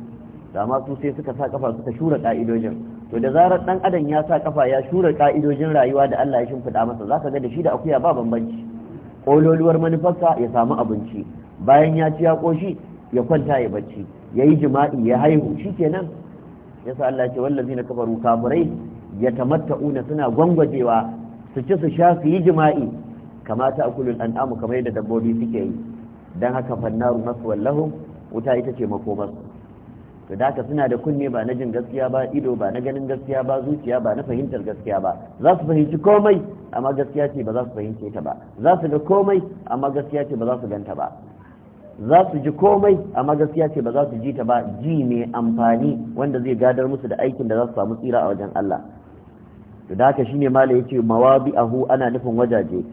da ma su sai suka sa kafa ta shura ka'idojin to da zarar dan adam ya sa kafa ya shura ka'idojin rayuwa da Allah ya shimfida masa zaka ga da shi da akuya ba bambanci kololuwar manufarsa ya samu abinci bayan ya ci ya koshi ya kwanta ya bacci yayi jima'i ya haihu shi yasa Allah ya ce wallazina kafaru kafirai yatamatta'una suna gwangwajewa su ci su sha su yi jima'i kama ta akulul an'amu kamar yadda dabbobi suke yi dan haka fannaru nasu wallahu wuta ita ce makomarsu to da haka suna da kunne ba na jin gaskiya ba ido ba na ganin gaskiya ba zuciya ba na fahimtar gaskiya ba za su fahimci komai amma gaskiya ce ba za su fahimce ta ba za su ga komai amma gaskiya ce ba za su ganta ba za su ji komai amma gaskiya ce ba za su ji ta ba ji ne amfani wanda zai gadar musu da aikin da za su samu tsira a wajen Allah to da haka shine malai yace mawabi'ahu ana nufin wajaje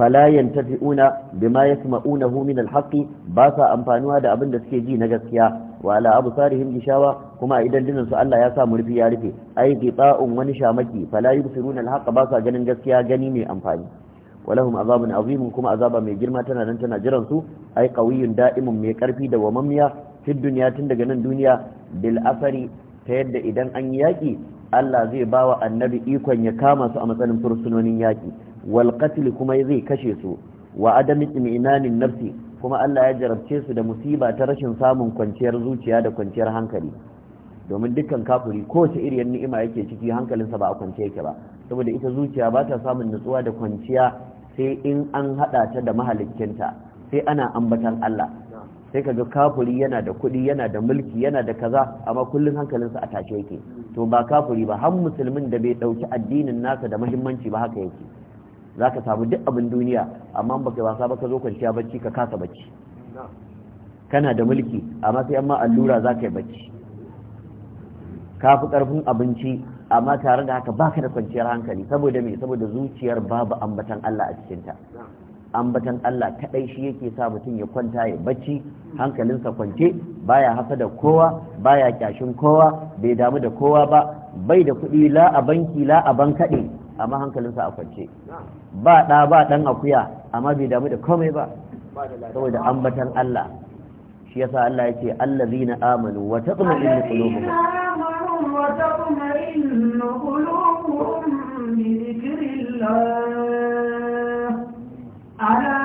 fala yantafi'una bima yasma'unahu min alhaqi ba sa amfanuwa da abin da suke ji na gaskiya wa ala absarihim gishawa kuma a idan dinin su Allah ya sa murfi ya rufe ai qita'un wani shamaki fala yubsiruna alhaqa ba sa ganin gaskiya gani mai amfani walahum azabun azim kuma azaba mai girma tana nan tana jiran su ai qawiyyun da'imun mai karfi da wamammiya fi duniya tun daga nan duniya bil asari ta yadda idan an yi yaki Allah zai bawa annabi ikon ya kama su a matsayin fursunonin yaki wal qatl kuma zai kashe su wa adam itminanin nafsi kuma Allah ya jarabce su da musiba ta rashin samun kwanciyar zuciya da kwanciyar hankali domin dukkan kafuri kowace iriyar ni'ima yake ciki hankalinsa ba a kwance yake ba saboda ita zuciya ba ta samun nutsuwa da kwanciya sai in an haɗa ta da mahalikinta sai ana ambatan Allah sai kaga kafuri yana da kuɗi yana da mulki yana da kaza amma kullum hankalinsa a tashe yake to ba kafuri ba har musulmin da bai ɗauki addinin nasa da muhimmanci ba haka yake za ka samu duk abin duniya amma ba ka wasa ba ka zo kwanciya bacci ka kasa bacci kana da mulki amma sai amma allura za ka yi bacci ka fi ƙarfin abinci amma tare da haka baka da kwanciyar hankali saboda me saboda zuciyar babu ambatan Allah a cikinta ambatan Allah kadai shi yake sa mutum ya kwanta ya bacci hankalinsa kwance baya hasa da kowa baya kyashin kowa bai damu da kowa ba bai da kuɗi la a banki la a bankaɗe amma hankalinsa a kwance ba ɗa ba ɗan akuya amma bai damu da komai ba saboda ambatan Allah shi yasa Allah ya ce zina amanu wa taqma'innu qulubuhum wa taqma'innu qulubuhum bi dhikrillah ala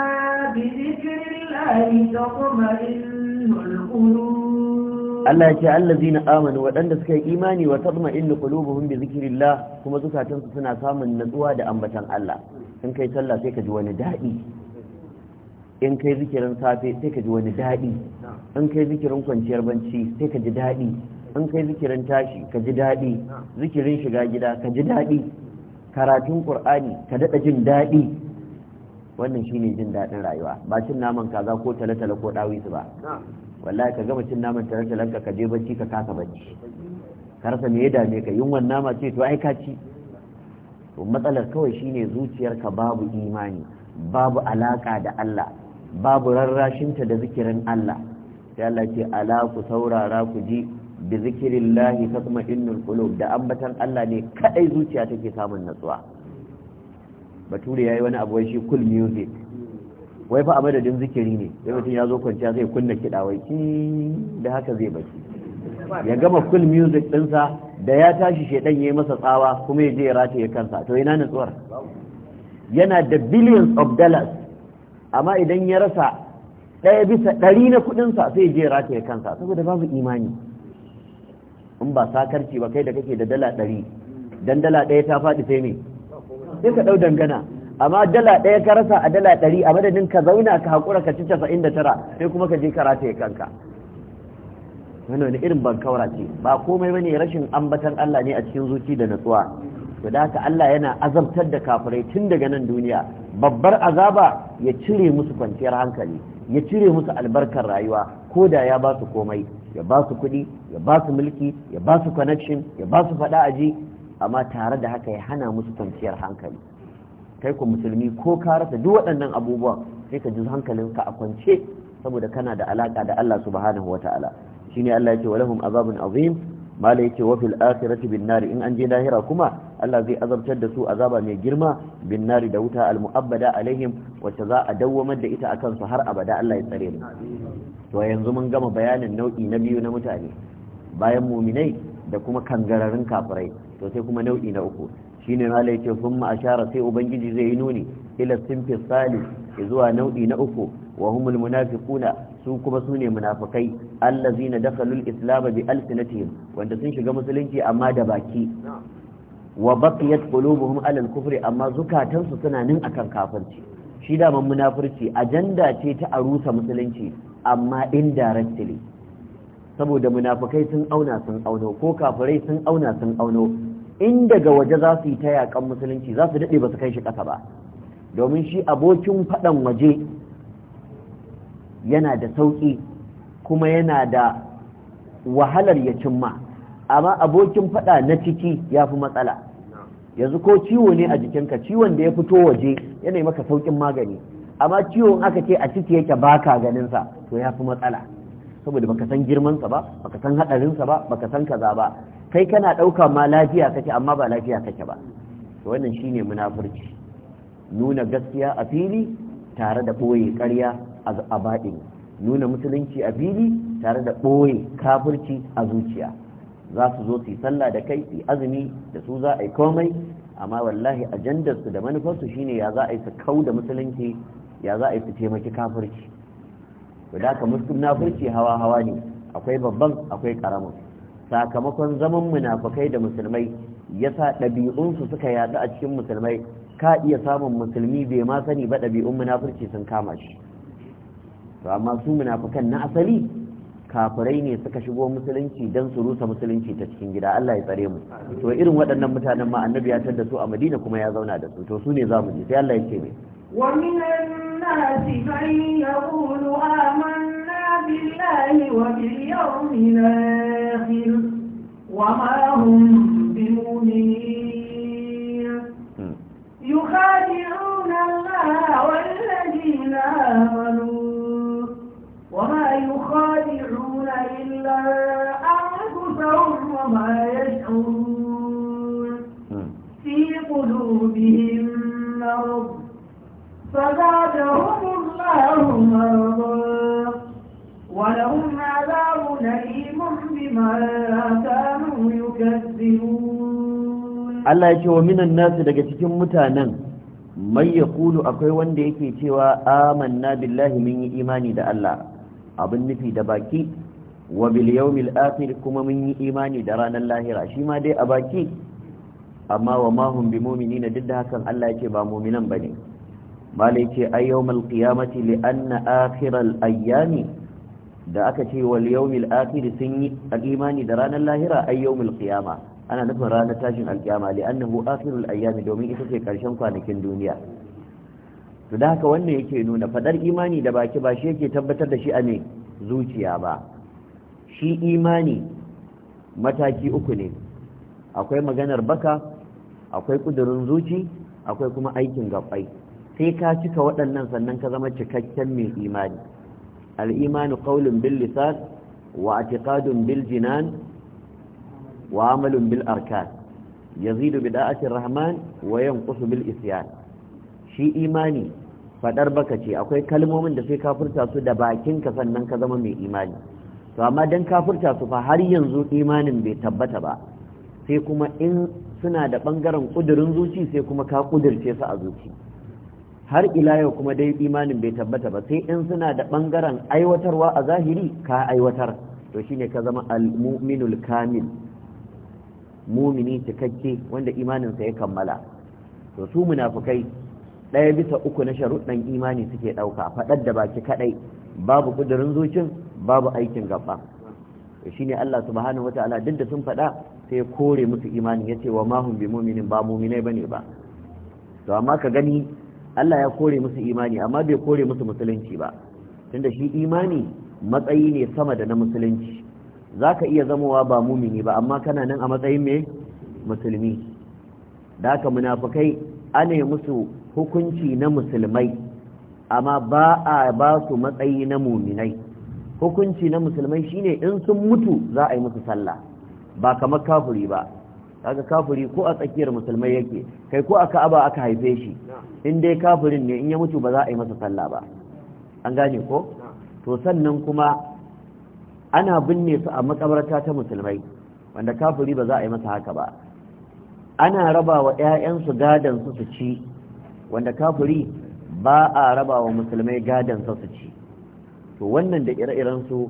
bi dhikrillah taqma'innul qulub Allah ya ce allazina amanu waɗanda suka yi imani wa inna qulubuhum bi zikrillah kuma zukatansu suna samun natsuwa da ambatan Allah in kai sallah sai ka ji wani daɗi in kai zikirin safe sai ka ji wani daɗi in kai zikirin kwanciyar banci sai ka ji daɗi in kai zikirin tashi ka ji daɗi zikirin shiga gida ka ji daɗi karatun qur'ani ka daɗa jin daɗi wannan shine jin daɗin rayuwa ba cin naman kaza ko tale ko dawisu ba wallahi ka gama cin naman lanka ka je bacci ka kasa bacci ka rasa me ya dame ka yunwan nama ce to ai ka ci to matsalar kawai shine zuciyarka babu imani babu alaka da Allah babu rarrashinta da zikirin Allah sai Allah ce ala ku saurara ku ji bi zikirillahi tatma'innul qulub da ambatan Allah ne kadai zuciya take samun natsuwa bature yayi wani abu shi Kul music wai fa a madadin zikiri ne sai mutum ya zo kwanciya zai kunna kiɗa wai da haka zai baci ya gama full music ɗinsa da ya tashi shedan yi masa tsawa kuma ya je ya rataye kansa to ina nutsuwar yana da billions of dollars amma idan ya rasa ɗaya bisa ɗari na kuɗinsa sai ya je rata rataye kansa saboda babu imani in ba sakarci ba kai da kake da dala ɗari dan dala ɗaya ta faɗi sai me sai ka ɗau dangana amma dala ɗaya ka rasa a dala ɗari a madadin ka zauna ka haƙura ka ci casa'in da tara sai kuma ka je karata ya kanka wani wani irin kawara ce ba komai ne rashin ambatan Allah ne a cikin zuci da natsuwa to da haka Allah yana azabtar da kafirai tun daga nan duniya babbar azaba ya cire musu kwanciyar hankali ya cire musu albarkar rayuwa ko da ya ba su komai ya ba su kuɗi ya ba su mulki ya ba su connection ya ba su faɗa aji amma tare da haka ya hana musu kwanciyar hankali kai ku musulmi ko ka rasa duk waɗannan abubuwan sai ka ji hankalinka a kwance saboda kana da alaka da Allah subhanahu shi shine Allah ce walahum azabun azim mala yake wa fil akhirati bin nar in an je lahira kuma Allah zai azabtar da su azaba mai girma bin nar da wuta al mu'abbada alaihim wacce za a dawwamar da ita akan su har abada Allah ya tsare mu to yanzu mun gama bayanin nau'i na biyu na mutane bayan muminai da kuma kangararin kafirai to sai kuma nau'i na uku shine ma lai sun thumma ashara sai ubangiji zai yi nuni ila sinfi sali zuwa nau'i na uku wa humul munafiquna su kuma su ne munafikai allazina dakhalul islam bi alsinatihim wanda sun shiga musulunci amma da baki wa baqiyat qulubuhum ala alkufr kufri amma zukatansu suna nan akan kafirci shi da man munafirci ajanda ce ta arusa musulunci amma indirectly saboda munafikai sun auna sun auno ko kafirai sun auna sun auno in daga waje za su yi ta yakan musulunci za su daɗe ba su kai shi ƙasa ba domin shi abokin faɗan waje yana da sauƙi kuma yana da wahalar ya cimma amma abokin faɗa na ciki ya fi matsala yanzu ko ciwo ne a jikinka ciwon da ya fito waje yana maka sauƙin magani amma ciwon aka ce a ciki yake baka ganinsa to ya fi matsala saboda baka san girmansa ba baka san haɗarinsa ba baka san kaza ba kai kana ɗauka ma lafiya kake amma ba lafiya kake ba wannan shine munafurci nuna gaskiya a fili tare da ɓoye ƙarya a baɗin nuna musulunci a fili tare da ɓoye kafirci a zuciya za su zo su yi sallah da kai su azumi da su za a yi komai amma wallahi ajandarsu da manufarsu shine ya za a yi su kau da musulunci ya za a yi su taimaki kafirci da haka musulunci hawa hawa ne akwai babban akwai ƙaramin sakamakon zaman munafukai da musulmai yasa ɗabi'unsu suka yaɗu a cikin musulmai ka iya samun musulmi bai ma sani ba ɗabi'un munafurci sun kama shi to amma su munafukan na asali kafirai ne suka shigo musulunci don su rusa musulunci ta cikin gida Allah ya tsare mu to irin waɗannan mutanen ma annabi ya tada su a Madina kuma ya zauna da su to su ne za mu ji sai Allah ya ce ne wa minan nasi fa yaqulu amanna بالله وباليوم الآخر وما هم بمؤمنين يخادعون الله والذين آمنوا وما يخادعون إلا أنفسهم وما يشعرون في قلوبهم مرض فزادهم الله مرضا ولهم عذاب نعيم بما كانوا يكذبون الله يجي ومن الناس daga cikin mutanen mai yaqulu akwai wanda yake cewa amanna billahi mun yi imani da Allah abin nufi da baki wa bil yawmil kuma mun yi imani da ranar lahira shi ma dai a baki amma wa ma hum bi duk da hakan Allah yake ba mu'minan bane malai ce ayyawmal qiyamati li anna akhiral ayyami da aka ce wal yawmil akhir sun yi imani da ranar lahira ay yawmil qiyama ana nufin ranar tashin alkiyama annahu akhirul ayyami domin ita ce karshen kwanakin duniya to da haka wannan yake nuna fadar imani da baki ba shi yake tabbatar da shi a ne zuciya ba shi imani mataki uku ne akwai maganar baka akwai kudurin zuci akwai kuma aikin gabbai sai ka cika waɗannan sannan ka zama cikakken mai imani al'imanu ƙaunin bil lisan wa bil jinan wa amalun bil arkan yazidu bi da'atir rahman wa yanqusu bil isyan shi imani faɗar baka ce akwai kalmomin da sai ka furta su da bakinka sannan ka zama mai imani to amma dan ka furta su fa har yanzu imanin bai tabbata ba sai kuma in suna da bangaren ƙudurin zuci sai kuma ka ƙudurce su a zuci har ila yau kuma dai imanin bai tabbata ba sai in suna da bangaren aiwatarwa a zahiri ka aiwatar to shine ka zama al kamil mumini cikakke wanda imanin sa ya kammala to su munafukai ɗaya bisa uku na sharuɗan imani suke ɗauka faɗar da baki kaɗai babu ƙudurin zucin babu aikin gaba to shine Allah subhanahu wataala duk da sun faɗa sai kore musu imani yace wa mahum bi mu'minin ba mu'minai bane ba to amma ka gani Allah ya kore musu imani amma bai kore musu musulunci ba tunda shi imani matsayi ne sama da na musulunci zaka iya zamowa ba mumini ba amma kana nan a matsayin me musulmi da haka munafikai ane musu hukunci na musulmai amma ba a ba su matsayi na muminai hukunci na musulmai shine in sun mutu za a yi musu sallah ba kamar kafuri ba kaga kafiri ko a tsakiyar musulmai yake kai ko a ka'aba aka haife shi in dai kafirin ne in ya mutu ba za a yi masa sallah ba an gane ko to sannan kuma ana binne su a makabarta ta musulmai wanda kafiri ba za a yi masa haka ba ana raba wa 'ya'yansu gadon su su ci wanda kafiri ba a raba wa musulmai gadon su su ci to wannan da ire su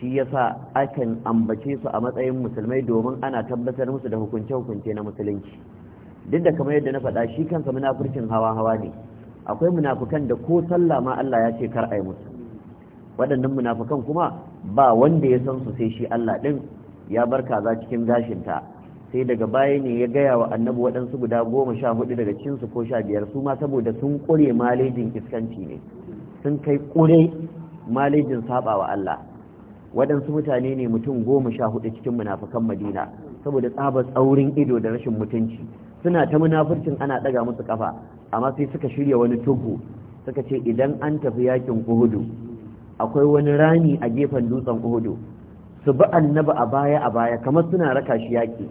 shi ya sa akan ambace su a matsayin musulmai domin ana tabbatar musu da hukunce-hukunce na musulunci duk da kamar yadda na faɗa shi kansa munafurcin hawa-hawa ne akwai munafukan da ko sallah ma Allah ya ce kar ai musu waɗannan munafukan kuma ba wanda ya san su sai shi Allah ɗin ya bar kaza cikin gashinta sai daga baya ne ya gaya wa annabi waɗansu guda goma sha hudu daga cinsu ko sha biyar su ma saboda sun ƙure malejin iskanci ne sun kai ƙure malejin saɓa wa Allah waɗansu mutane ne mutum goma sha hudu cikin munafukan madina saboda tsabar tsaurin ido da rashin mutunci suna ta munafurcin ana ɗaga musu kafa amma sai suka shirya wani tugu suka ce idan an tafi yakin uhudu akwai wani rami a gefen dutsen uhudu su bi annabi a baya a baya kamar suna raka shi yaki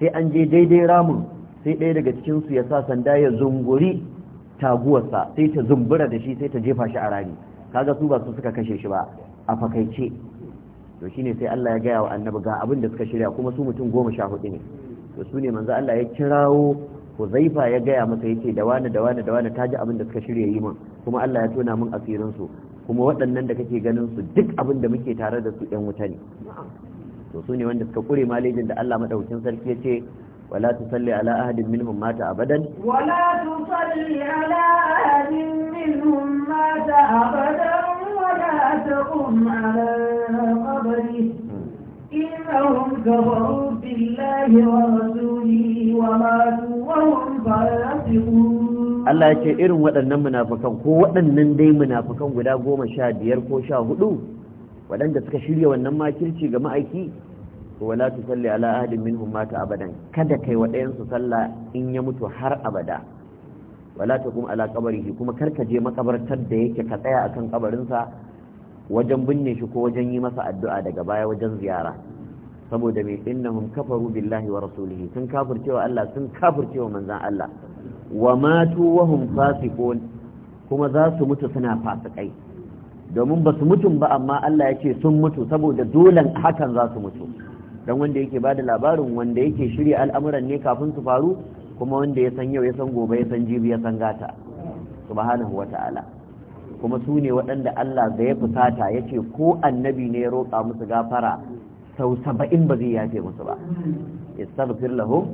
sai an je daidai ramin sai ɗaya daga cikin su ya sa sanda ya zunguri taguwarsa sai ta zumbura da shi sai ta jefa shi a rami kaga su ba su suka kashe shi ba a fakaice to shine sai Allah ya gaya wa annabi ga abin da suka shirya kuma su mutum goma sha hudu ne to su ne manzo Allah ya kirawo Huzaifa ya gaya masa yace da wani da wani da wani ta ji abin da suka shirya yi min kuma Allah ya tona min asirin su kuma waɗannan da kake ganin su duk abin da muke tare da su ɗan wuta ne to su ne wanda suka kure malejin da Allah madaukin sarki ya ce ولا تصلي ala ahadin منهم mata abadan ولا تصلي على أحد منهم مات أبدا ولا تقم على قبره إنهم كفروا بالله ورسوله وماتوا وهم فاسقون Allah ya ce irin waɗannan munafukan ko waɗannan dai munafukan guda goma sha biyar ko sha hudu waɗanda suka shirya wannan makirci ga ma'aiki wala su salli ala ahadin minhum mata abadan kada kai wa sallah in ya mutu har abada wala kuma ala qabrihi kuma karka je makabartar da yake ka tsaya akan kabarin sa wajen binne shi ko wajen yi masa addu'a daga baya wajen ziyara saboda mai innahum kafaru billahi wa rasulihi sun kafircewa Allah sun kafircewa manzan Allah wa matu wa hum fasiqun kuma za su mutu suna fasikai domin ba su mutum ba amma Allah ya ce sun mutu saboda dolan hakan za su mutu dan wanda yake ba da labarin wanda yake shirya al'amuran ne kafin su faru kuma wanda ya san yau ya san gobe ya san jibi ya san gata subhanahu ta'ala, kuma su ne waɗanda Allah da ya fusata ya ce ko annabi ne ya roƙa musu gafara sau saba'in ba zai yafe musu ba استغفر لهم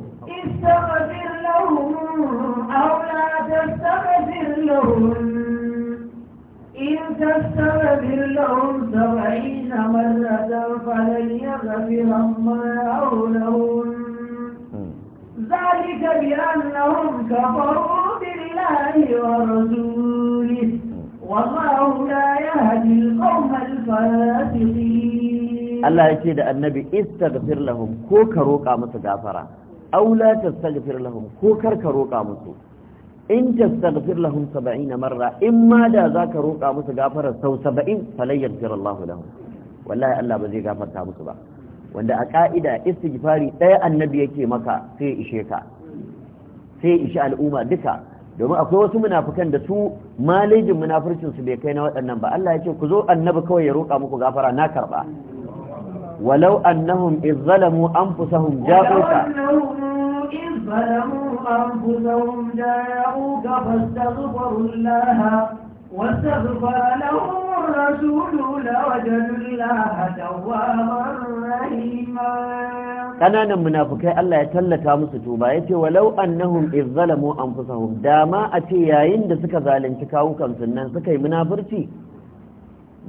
إن تستغفر لهم سبعين مرة فلن يغفر الله لهم ذلك بأنهم كفروا بالله ورسوله والله لا يهدي القوم الفاسقين الله يشهد النبي استغفر لهم كوكا روكا متغافرا أو لا تستغفر لهم كوكر كروكا متو إن تستغفر لهم سبعين مرة إما دا ذاك روكا متغافرا سو سبعين فلن يغفر الله لهم والله الله بذي غافر تابسوا wanda a ka'ida istighfari ɗaya annabi yake maka sai ishe ka sai ishe al'umma duka domin akwai wasu munafukan da su malejin munafurcin bai kai na waɗannan ba Allah ya ce ku zo annabi kawai ya roƙa muku gafara na karɓa walau annahum iz zalamu anfusahum ja'uka ظلموا أنفسهم جاءوك فاستغفروا الله واستغفر لهم الرسول لوجدوا الله توابا رحيما Ƙananan munafukai Allah ya tallata musu tuba yace walau annahum iz zalamu anfusahum dama a ce yayin da suka zalunci kawukan sunnan suka yi munafurci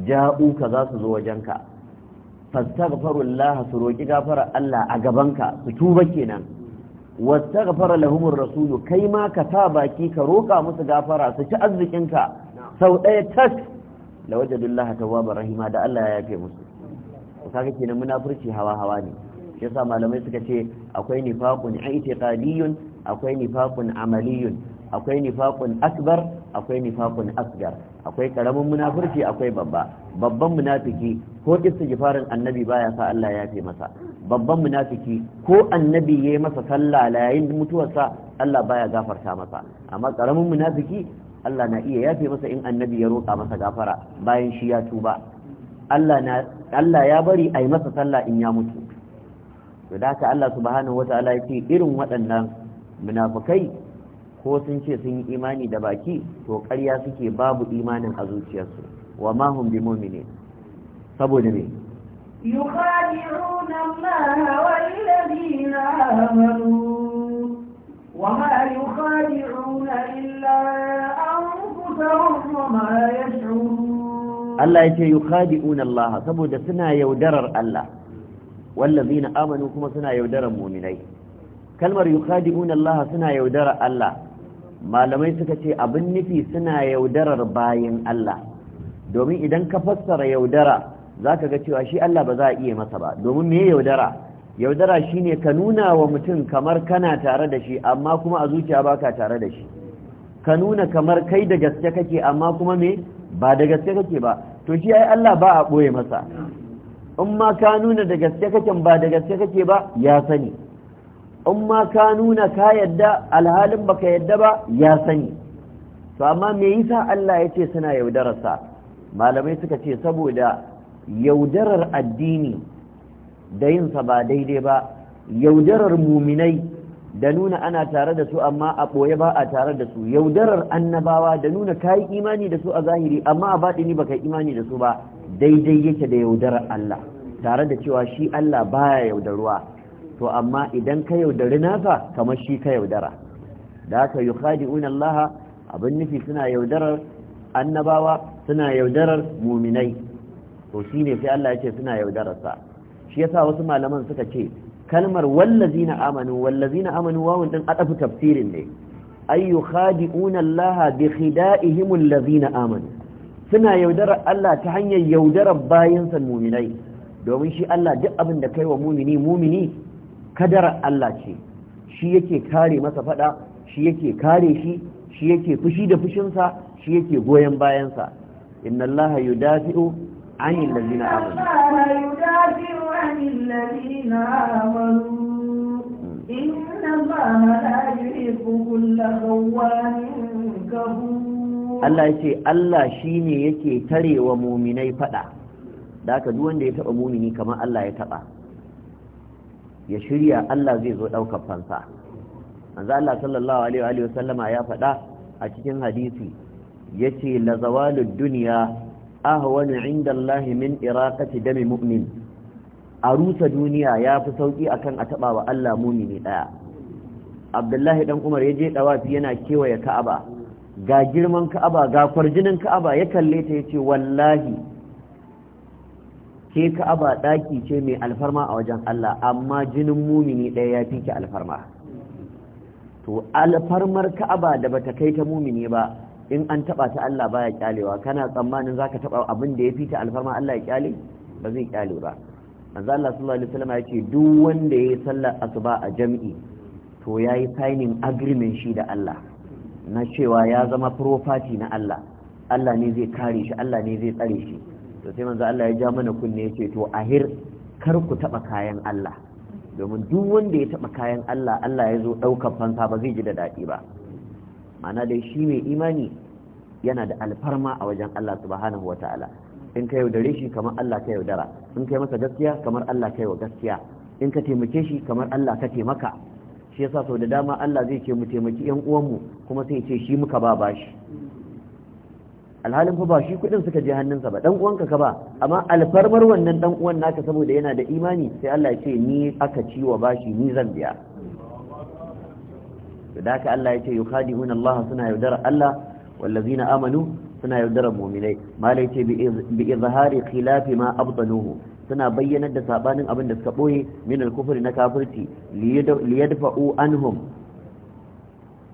ja'uka za su zo wajenka fastaghfirullah su roki gafara Allah a gabanka su tuba kenan wastaghfara lahumur rasulu kai ma ka sa baki ka roka musu gafara su ci arzikinka sau ɗaya tas la wajadullaha tawwabar rahima da Allah ya yafe musu kaga kenan munafurci hawa hawa ne yasa malamai suka ce akwai nifaqun i'tiqadiyyun akwai nifaqun amaliyyun akwai nifaqun akbar akwai nifaqun asgar akwai karamin munafurci akwai babba babban munafiki ko istighfarin annabi baya sa Allah ya yafe masa babban munafiki ko annabi yayi masa sallah la yayin mutuwarsa Allah baya gafarta masa amma karamin munafiki Allah na iya yafe masa in annabi ya roƙa masa gafara bayan shi ya tuba Allah ya bari a yi masa sallah in ya mutu to da haka Allah subhanahu wataala ya ce irin waɗannan munafukai ko sun ce sun yi imani da baki to ƙarya suke babu imanin a zuciyarsu wa ma hum bi mu'minin saboda me yukhadi'una Allah wal ladina amanu وما يخادعون إلا أنفسهم وما يشعرون الله يتي يخادعون الله suna سنا يودرر الله والذين آمنوا kuma suna yaudarar مؤمنين kalmar yukhadi'una Allah suna yaudarar Allah malamai suka ce abin nufi suna yaudarar bayan Allah domin idan ka fassara yaudara zaka ga cewa shi Allah ba za a iya masa ba domin me yaudara yaudara shine ka nuna wa mutum kamar kana tare da shi amma kuma a zuciya baka tare da shi ka nuna kamar kai da gaske kake amma kuma me ba da gaske kake ba to shi ai Allah ba a boye masa in ma ka nuna da gaske kake ba da gaske kake ba ya sani in ma ka nuna ka yadda alhalin baka yadda ba ya sani to amma me yasa Allah ya ce suna yaudararsa malamai suka ce saboda yaudarar addini da yinsa ba daidai ba yaudarar muminai da nuna ana tare da su amma a ɓoye ba a tare da su yaudarar annabawa da nuna ka yi imani da su a zahiri amma a baɗini ba ka yi imani da su ba daidai yake da yaudarar Allah tare da cewa shi Allah baya yaudarwa to amma idan ka yaudari nasa kamar shi ka yaudara da haka yukhadi'una Allah abin nufi suna yaudarar annabawa suna yaudarar muminai to shine sai Allah ya ce suna yaudararsa shi yasa wasu malaman suka ce kalmar wallazi na amanu na amanu wawun din adafu tafsirin ne ay yukhadi'una Allah bi khida'ihim allazina amanu suna yaudara Allah ta hanyar yaudarar bayansa muminai domin shi Allah duk abin da kai wa mumini mumini kadara Allah ce shi yake kare masa fada shi yake kare shi shi yake fushi da fushinsa shi yake goyon bayansa inna Allah yudafi'u عن الذين آمنوا الله يدافع عن الذين آمنوا إن الله لا يحب كل خوان كفور الله يتي الله شيني يتي تري ومؤمني فدا daka duk wanda ya taba mumini kamar Allah ya taba ya shirya Allah zai zo ɗaukan fansa manzo Allah sallallahu alaihi wa sallama ya faɗa a cikin hadisi yace la zawalud dunya ahwanu inda Allah min iraqati dami mu'min a rusa duniya ya fi sauki akan a taba wa Allah mumini daya Abdullahi dan Umar ya je dawafi yana kewaye Ka'aba ga girman Ka'aba ga kwarjinin Ka'aba ya kalle ta yace wallahi ke Ka'aba daki ce mai alfarma a wajen Allah amma jinin mumini daya ya fi alfarma to alfarmar Ka'aba da bata kai ta mumini ba in an taba ta Allah baya kyalewa kana tsammanin zaka taba abin da ya fita alfarma Allah ya kyale ba zai kyale ba manzo Allah sallallahu alaihi wasallam yace duk wanda yayi sallar asuba a jami'i to yayi signing agreement shi da Allah na cewa ya zama property na Allah Allah ne zai kare shi Allah ne zai tsare shi to sai manzo Allah ya ja mana kunne ce to ahir kar ku taba kayan Allah domin duk wanda ya taba kayan Allah Allah ya zo daukar fansa ba zai ji da dadi ba mana dai shi mai imani yana da alfarma a wajen Allah subhanahu wa ta'ala in ka yaudare shi kamar Allah ka yaudara in ka yi masa gaskiya kamar Allah ka yi wa gaskiya in ka taimake shi kamar Allah ka taimaka shi yasa sau da dama Allah zai ce mu taimaki yan uwanmu kuma sai ce shi muka ba bashi alhalin fa ba shi kudin suka je hannunsa ba dan uwanka ka ba amma alfarmar wannan dan uwan naka saboda yana da imani sai Allah ya ce ni aka ciwa bashi ni zan biya da Allah ya ce wani Allah suna yaudara Allah wallazina amanu suna yaudara mu'minai malai ce bi izhari khilafi ma nuhu suna bayyanar da sabanin abin da suka boye min al na kafirci liyadfa'u anhum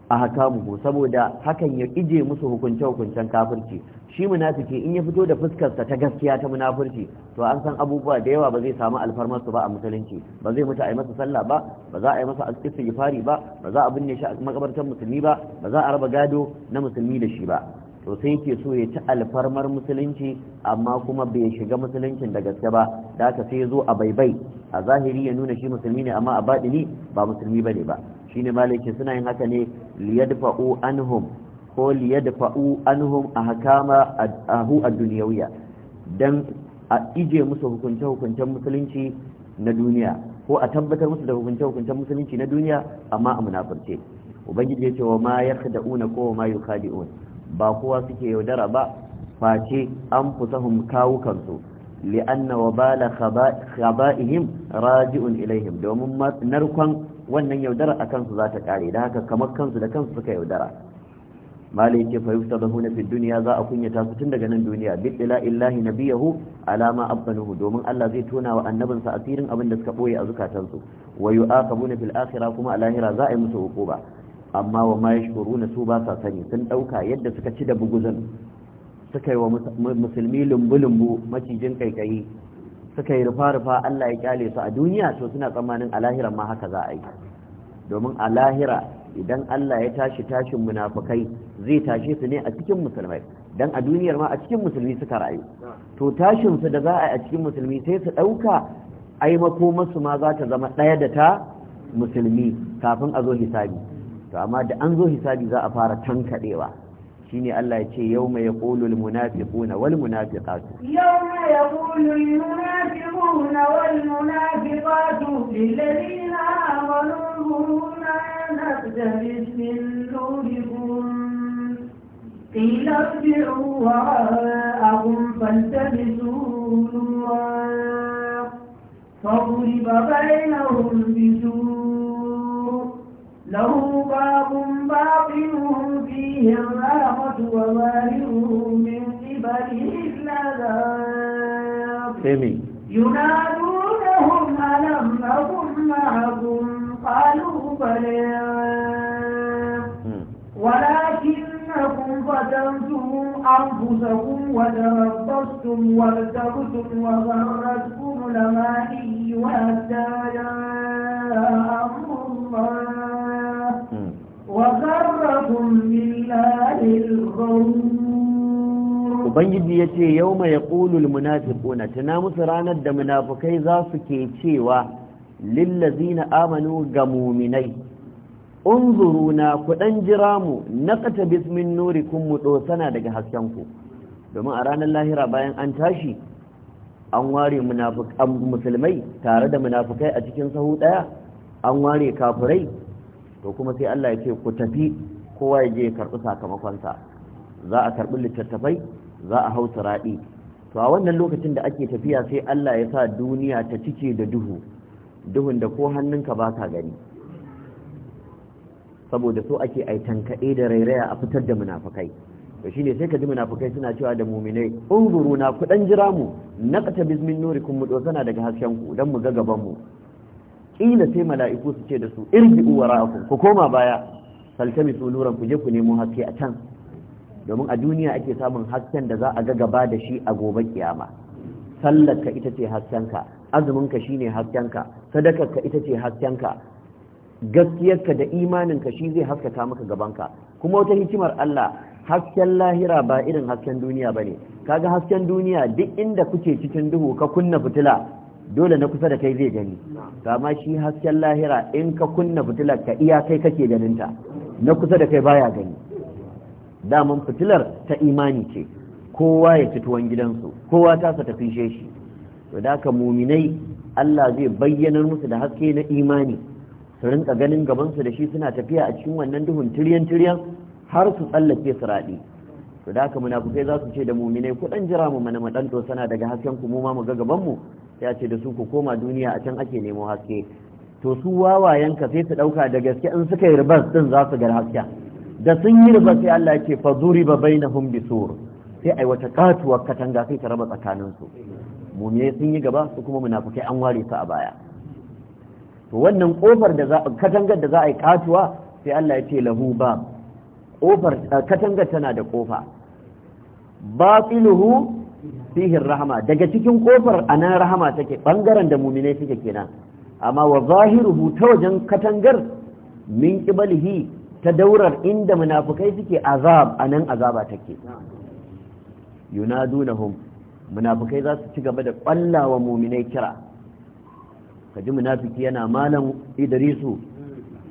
ahkamuhu saboda hakan ya ije musu hukunce hukuncen kafirci shi munafiki in ya fito da fuskarsa ta gaskiya ta munafurci to an san abubuwa da yawa ba zai samu alfarmar su ba a musulunci ba zai mutu a yi masa sallah ba ba za a yi masa istighfari ba ba za a binne shi a makabartar musulmi ba ba za a raba gado na musulmi da shi ba to sai yake so ya ci alfarmar musulunci amma kuma bai shiga musuluncin da gaske ba da haka sai ya zo a baibai a zahiri ya nuna shi musulmi ne amma a baɗini ba musulmi bane ba shine malaki suna yin haka ne liyadfa'u anhum ko liyadfa'u anhum ahkama ahu ad-dunyawiyya dan a ije musu hukunce hukuncen musulunci na duniya ko a tabbatar musu da hukunce hukuncen musulunci na duniya amma a munafurce ubangiji ya ce wa ma yakhda'una ko ma yukhadi'un ba kowa suke yaudara ba face an fusahum kawukansu li'anna bala khaba'ihim raji'un ilaihim domin narkon wannan yaudara akan su za ta kare da haka kamar kansu da kansu suka yaudara malai yake fa yuftadahuna fi duniya za a kunyata su tun daga nan duniya bi ila illahi nabiyahu alama abbanuhu domin Allah zai tona wa annabinsa asirin abin da suka boye a zukatansu wa yu'aqabuna fil akhirah kuma a lahira za a yi musu hukuba amma wa ma yashkuruna su ba sa sani sun dauka yadda suka ci da buguzan suka yi wa musulmi lumbulumbu macijin kaikayi suka yi rufa-rufa Allah ya kyale su a duniya to suna tsammanin a lahira ma haka za a yi domin a lahira idan Allah ya tashi tashin munafukai zai tashe su ne a cikin musulmai dan a duniyar ma a cikin musulmi suka rayu to tashin su da za a yi a cikin musulmi sai su ɗauka, ai masu ma za ta zama ɗaya da ta musulmi kafin a zo hisabi to amma da an zo hisabi za a fara tankaɗewa shine Allah ya ce Yau yaqulul munafiquna wal munafiqatu yawma yaqulul munafiquna wal munafiqatu lil ما نبتبس من نوركم قيل ارجعوا وراءكم فالتبسوا نورا فضرب بينهم بسور له باب باطنه فيه الرحمة وظاهره من قبله العذاب ينادونهم ألم نكن معكم قالوا بلى ولكنكم فتنتم أنفسكم وتربصتم وارتبتم وغرتكم لمائي حتى جاء أمر وغركم بالله الغرور ubangiji ya ce yau mai ya ƙulul munafiquna tuna musu ranar da munafukai za su ke cewa lillazina amanu ga muminai Unzuru na kuɗan jira mu naqata bismin kun mu daga hasken ku domin a ranar lahira bayan an tashi an ware musulmai tare da munafukai a cikin sahu daya an ware kafirai to kuma sai Allah ya ce ku tafi kowa ya je ya karbi sakamakonsa za a karbi littattafai za a hausa radi to a wannan lokacin da ake tafiya sai Allah ya sa duniya ta cike da duhu duhun da ko hannunka ba ka gani saboda so ake ai tankaɗe da rairaya a fitar da munafukai to shine sai ka ji munafukai suna cewa da muminai unzuru na ku dan jira mu naqta bizmin nurikum mu dozana daga hasken ku dan mu ga gaban mu kila sai mala'iku su ce da su irji'u wara'akum ku koma baya su nuran ku je ku nemo haske a can domin a duniya ake samun hasken da za a ga gaba da shi a gobe kiyama sallar ka ita ce haskenka azuminka shine haskenka sadakarka ita ce haskenka gaskiyarka da imaninka shi zai haskaka maka gabanka kuma wata hikimar Allah hasken lahira ba irin hasken duniya ba ne kaga hasken duniya duk inda kuke cikin duhu ka kunna fitila dole na kusa da kai zai gani amma shi hasken lahira in ka kunna fitilar ka iya kai kake ganinta na kusa da kai baya gani daman fitilar ta imani ce kowa ya ci tuwon gidansu kowa ta sa tafi shi to da ka muminai Allah zai bayyanar musu da haske na imani su rinka ganin gabansu da shi suna tafiya a cikin wannan duhun tiryan tiryan har su tsallake su raɗi to da haka munafukai za su ce da muminai ku jira mu mana madan to sana daga hasken ku mu ma mu ga gabanmu? ya ce da su ku koma duniya a can ake nemo haske to su wawayen ka sai su dauka da gaske in suka yi ribas din za su ga haske da sun yi ribas sai Allah ya ce fa zuriba bainahum bisur sai ai wata katanga sai ta raba tsakaninsu. su mu'minai sun yi gaba su kuma munafukai an ware su a baya to wannan kofar da za katangar da za a yi katuwa sai Allah ya ce lahu ba kofar eh, katangar tana da kofa batiluhu fihi rahma daga cikin kofar anan rahama take bangaren da mu'minai suke kenan amma wa zahiruhu ta wajen katangar min qibalihi ta daurar inda munafukai suke azab anan azaba take yunadunahum munafikai za su ci gaba da ƙwallawa muminai kira ka ji munafiki yana malam idrisu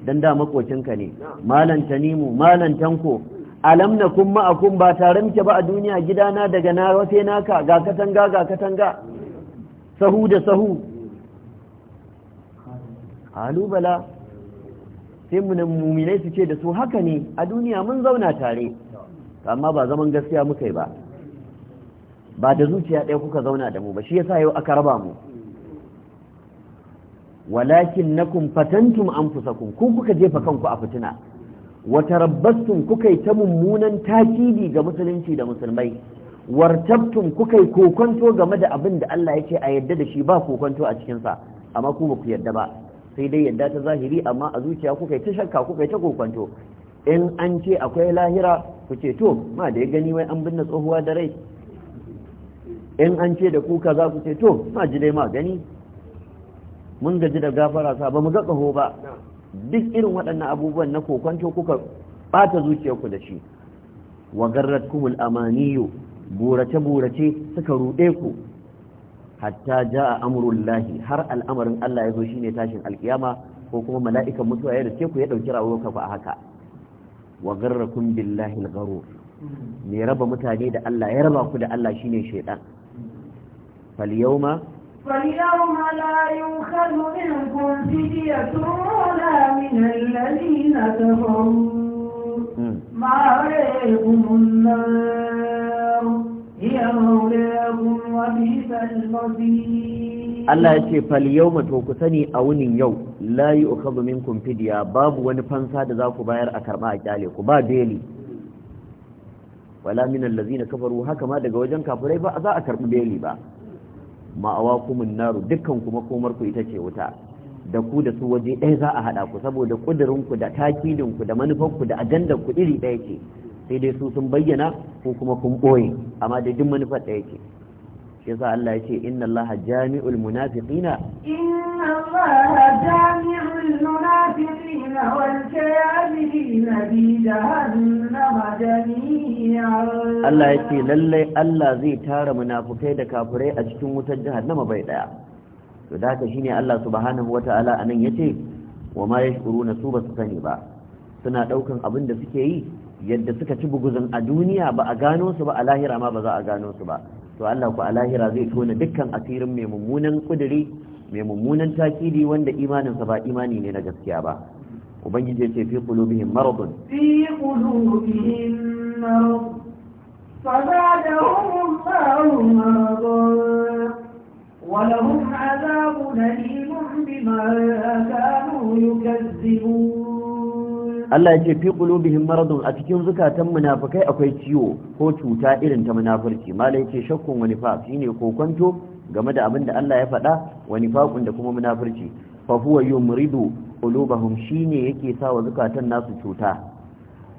Don da makocinka ne malam tanimu malam tanko alam na kun ma'akun ba tare muke ba a duniya gidana daga na wafe naka ga katanga ga katanga sahu da sahu halubala sai muminai su ce da su haka ne a duniya mun zauna tare amma ba zaman gaskiya muka yi ba ba da zuciya ɗaya kuka zauna da mu ba shi yasa yau aka raba mu walakin na an fatantum kun ku kuka jefa kanku a fitina wata rabbastun kuka yi ta mummunan takidi ga musulunci da musulmai wartabtum kuka yi kokonto game da abin da Allah ya ce a yadda da shi ba kokonto a cikinsa amma ku ba ku yadda ba sai dai yadda ta zahiri amma a zuciya kuka yi ta shakka kuka yi ta kokonto in an ce akwai lahira ku ce to ma da ya gani wai an binne tsohuwa da rai in an ce da kuka za ku ce to ma ji dai ma gani mun gaji da gafara sa ba mu ga kaho ba duk irin waɗannan abubuwan na kokonto kuka bata ku da shi wa kumul amaniyu burace burace suka rude ku hatta jaa amrullahi har al'amarin Allah ya zo shine tashin alkiyama ko kuma mala'ikan mutuwa ya dace ku ya dauki rayuwarka a haka wa garrakum billahi al-gharur me raba mutane da Allah ya raba ku da Allah shine shaytan فاليوم فاليوم لا منكم ولا من الذين النار هي مولاكم المصير Allah ya ce fal to ku sani a wunin yau la yu'khadhu minkum babu wani fansa da za ku bayar a karba a kyale ku ba beli wala minan lazina kafaru haka ma daga wajen kafurai ba za a karɓi beli ba ma'awakumun naru dukkan kuma komar ita ce wuta da ku da su waje ɗaya za a haɗa ku saboda ƙudurinku da takidin da manufarku da ajandar ku iri ɗaya ce sai dai su sun bayyana ko kuma kun ɓoye amma da duk manufar ɗaya ce shi yasa Allah ya ce inna Allah jami'ul munafiqina inna Allah jami'ul munafiqina wal kafirina bi jahannam jami'an Allah ya ce lalle Allah zai tara munafikai da kafirai a cikin wutar jahannama bai daya to da haka shine Allah subhanahu wataala anan yace wa ma yashkuruna su basu sani ba suna daukan abin da suke yi yadda suka ci buguzun a duniya ba a gano su ba a lahira ma ba za a gano su ba to Allah ku alahira zai tona dukkan asirin mai mummunan kuduri mai mummunan takidi wanda imaninsa ba imani ne na gaskiya ba ubangiji ya ce fi qulubihim maradun fi qulubihim marad fazadahum Allahu maradan wa lahum adhabun alim bima kanu yukazzibun Allah ya ce fi qulubihim maradun a cikin zukatan munafikai akwai ciwo ko cuta irin ta munafurci malai ya ce shakkun wani fa shine kokonto game da abin da Allah ya faɗa wani faƙun da kuma munafurci fa huwa yumridu qulubahum shine yake sawa zukatan nasu cuta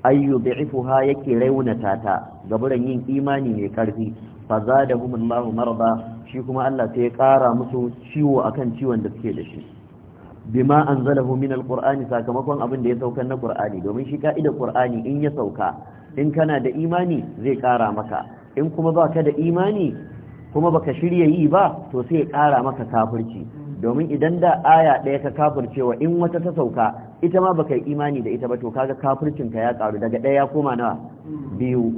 ayyu bi'ifuha yake raunata ta gaburan yin imani mai karfi fa zadahumullahu marada shi kuma Allah sai ya ƙara musu ciwo akan ciwon da suke da shi bima anzalahu min alqur'ani sakamakon abin da ya sauka na qur'ani domin shi ka'idar qur'ani in ya sauka in kana da imani zai kara maka in kuma baka da imani kuma baka shirya yi ba to sai ya kara maka kafirci domin idan da aya ɗaya ka kafircewa in wata ta sauka ita ma baka yi imani da ita ba to kaga kafurcin ka ya karu daga ɗaya ya koma nawa biyu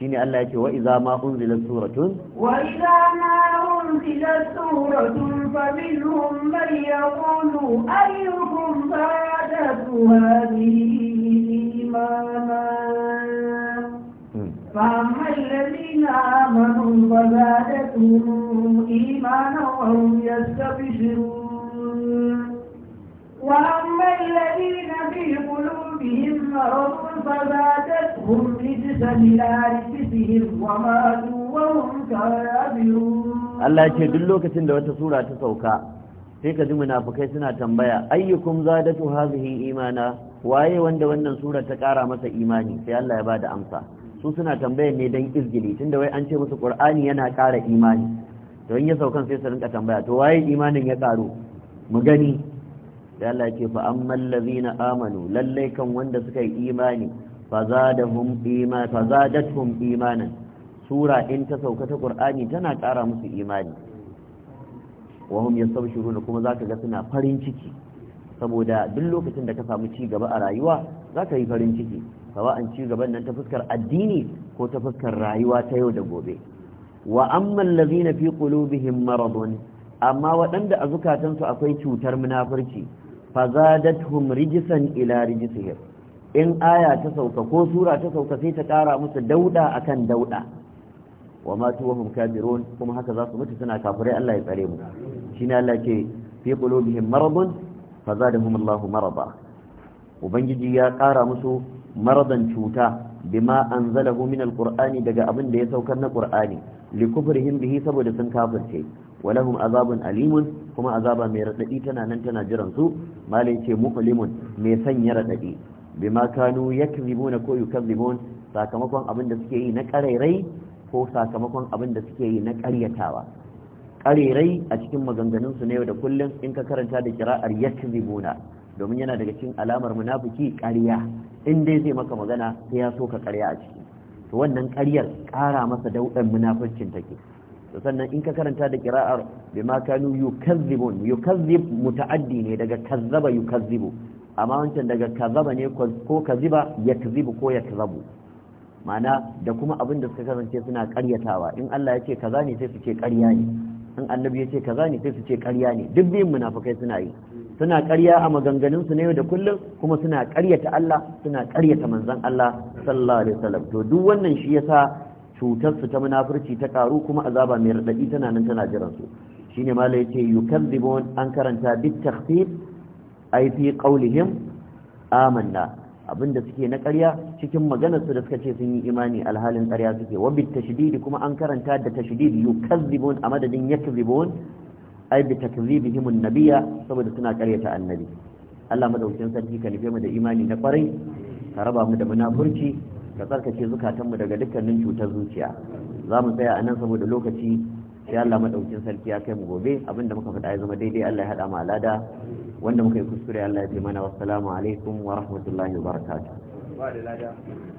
shine Allah yake wa idza ma unzilat suratun wa idza ma unzilat suratun fa minhum man yaqulu ayyukum zadatu hadhihi imana فأما الذين آمنوا فزادتهم إيمانا وهم يستبشرون وأما الذين في قلوبهم مرض فزادتهم رجسا إلى رجسهم وماتوا وهم كافرون الله يشهد لوكة دوات سورة تسوكا sai ka ji munafukai suna tambaya ayyukum zadatu hazihi imana waye wanda wannan sura ta kara masa imani sai Allah ya bada amsa su suna tambaya ne dan izgili tunda wai an ce musu qur'ani yana kara imani to in ya saukan sai su rinka tambaya to waye imanin ya karu mu gani da Allah ce fa amman ladina amanu lallai kan wanda suka yi imani fazadahum iman imanan sura in ta sauka ta Qur'ani tana kara musu imani wa hum yastabshirun kuma zaka ga suna farin ciki saboda duk lokacin da ka samu ci gaba a rayuwa zaka yi farin ciki an ci gaban nan ta fuskar addini ko ta fuskar rayuwa ta yau da gobe wa amma allazina fi qulubihim maradun amma waɗanda a zukatansu akwai cutar munafurci fazadathum rijsan ila rijsihim in aya ta sauka ko sura ta sauka sai ta kara musu dauda akan dauda wa ma tuwahum kafirun kuma haka za su mutu suna kafirai Allah ya tsare mu shine Allah ke fi qulubihim maradun fazadahum Allahu marada ubangiji ya kara musu maradan cuta bima anzalahu min alqur'ani daga abin da ya saukar na qur'ani likufrihim bihi saboda sun kafirce walahum azabun alimun kuma azaba mai radadi tana nan tana jiran su Malam ce muqlimun mai sanya radadi bima kanu yakzibuna ko yukazzibun sakamakon abinda suke yi na karairai ko sakamakon abin da suke yi na karyatawa karerai a cikin maganganunsu na yau da kullum in ka karanta da kira'ar yakzibuna domin yana daga cikin alamar munafuki, karya in dai zai maka magana sai ya so ka karya a ciki to wannan karyar ƙara masa dauɗan munafircin take sannan in ka karanta da kira'ar bi ma kanu yukazzibun yukazzib muta'addi ne daga kazzaba yukazzibu amma wancan daga kazzaba ne ko kaziba yakzibu ko yakzabu ma'ana da kuma abin da suka kasance suna karyatawa in Allah ya ce kaza ne sai su ce karya ne in annabi ya ce kaza ne sai su ce karya ne duk biyun munafikai suna yi suna karya a maganganun su ne da kullum kuma suna karyata Allah suna karyata manzon Allah sallallahu alaihi wasallam to duk wannan shi yasa cutarsu ta munafurci ta karu kuma azaba mai raɗaɗi tana nan tana jiran su shine mala yace yukadzibun an karanta bit takhfif ay fi qawlihim amanna abinda suke na ƙarya cikin maganar su da suka ce sun yi imani alhalin ƙarya suke wa bit tashdid kuma an karanta da tashdid yukadzibun a madadin yakzibun ay bi takzibihim an-nabiyya saboda suna ƙaryata annabi Allah madaukakin sarki ka nufe mu da imani na ƙwarai ka raba mu da munafurci ka tsarkake zukatanmu daga dukkanin cutar zuciya za mu tsaya a nan saboda lokaci sai Allah madaukin sarki ya kai mu gobe abinda muka faɗa ya zama daidai Allah ya haɗa mu alada wanda muka yi kuskure Allah ya ce mana wassalamu alaikum wa rahmatullahi wa barakatuh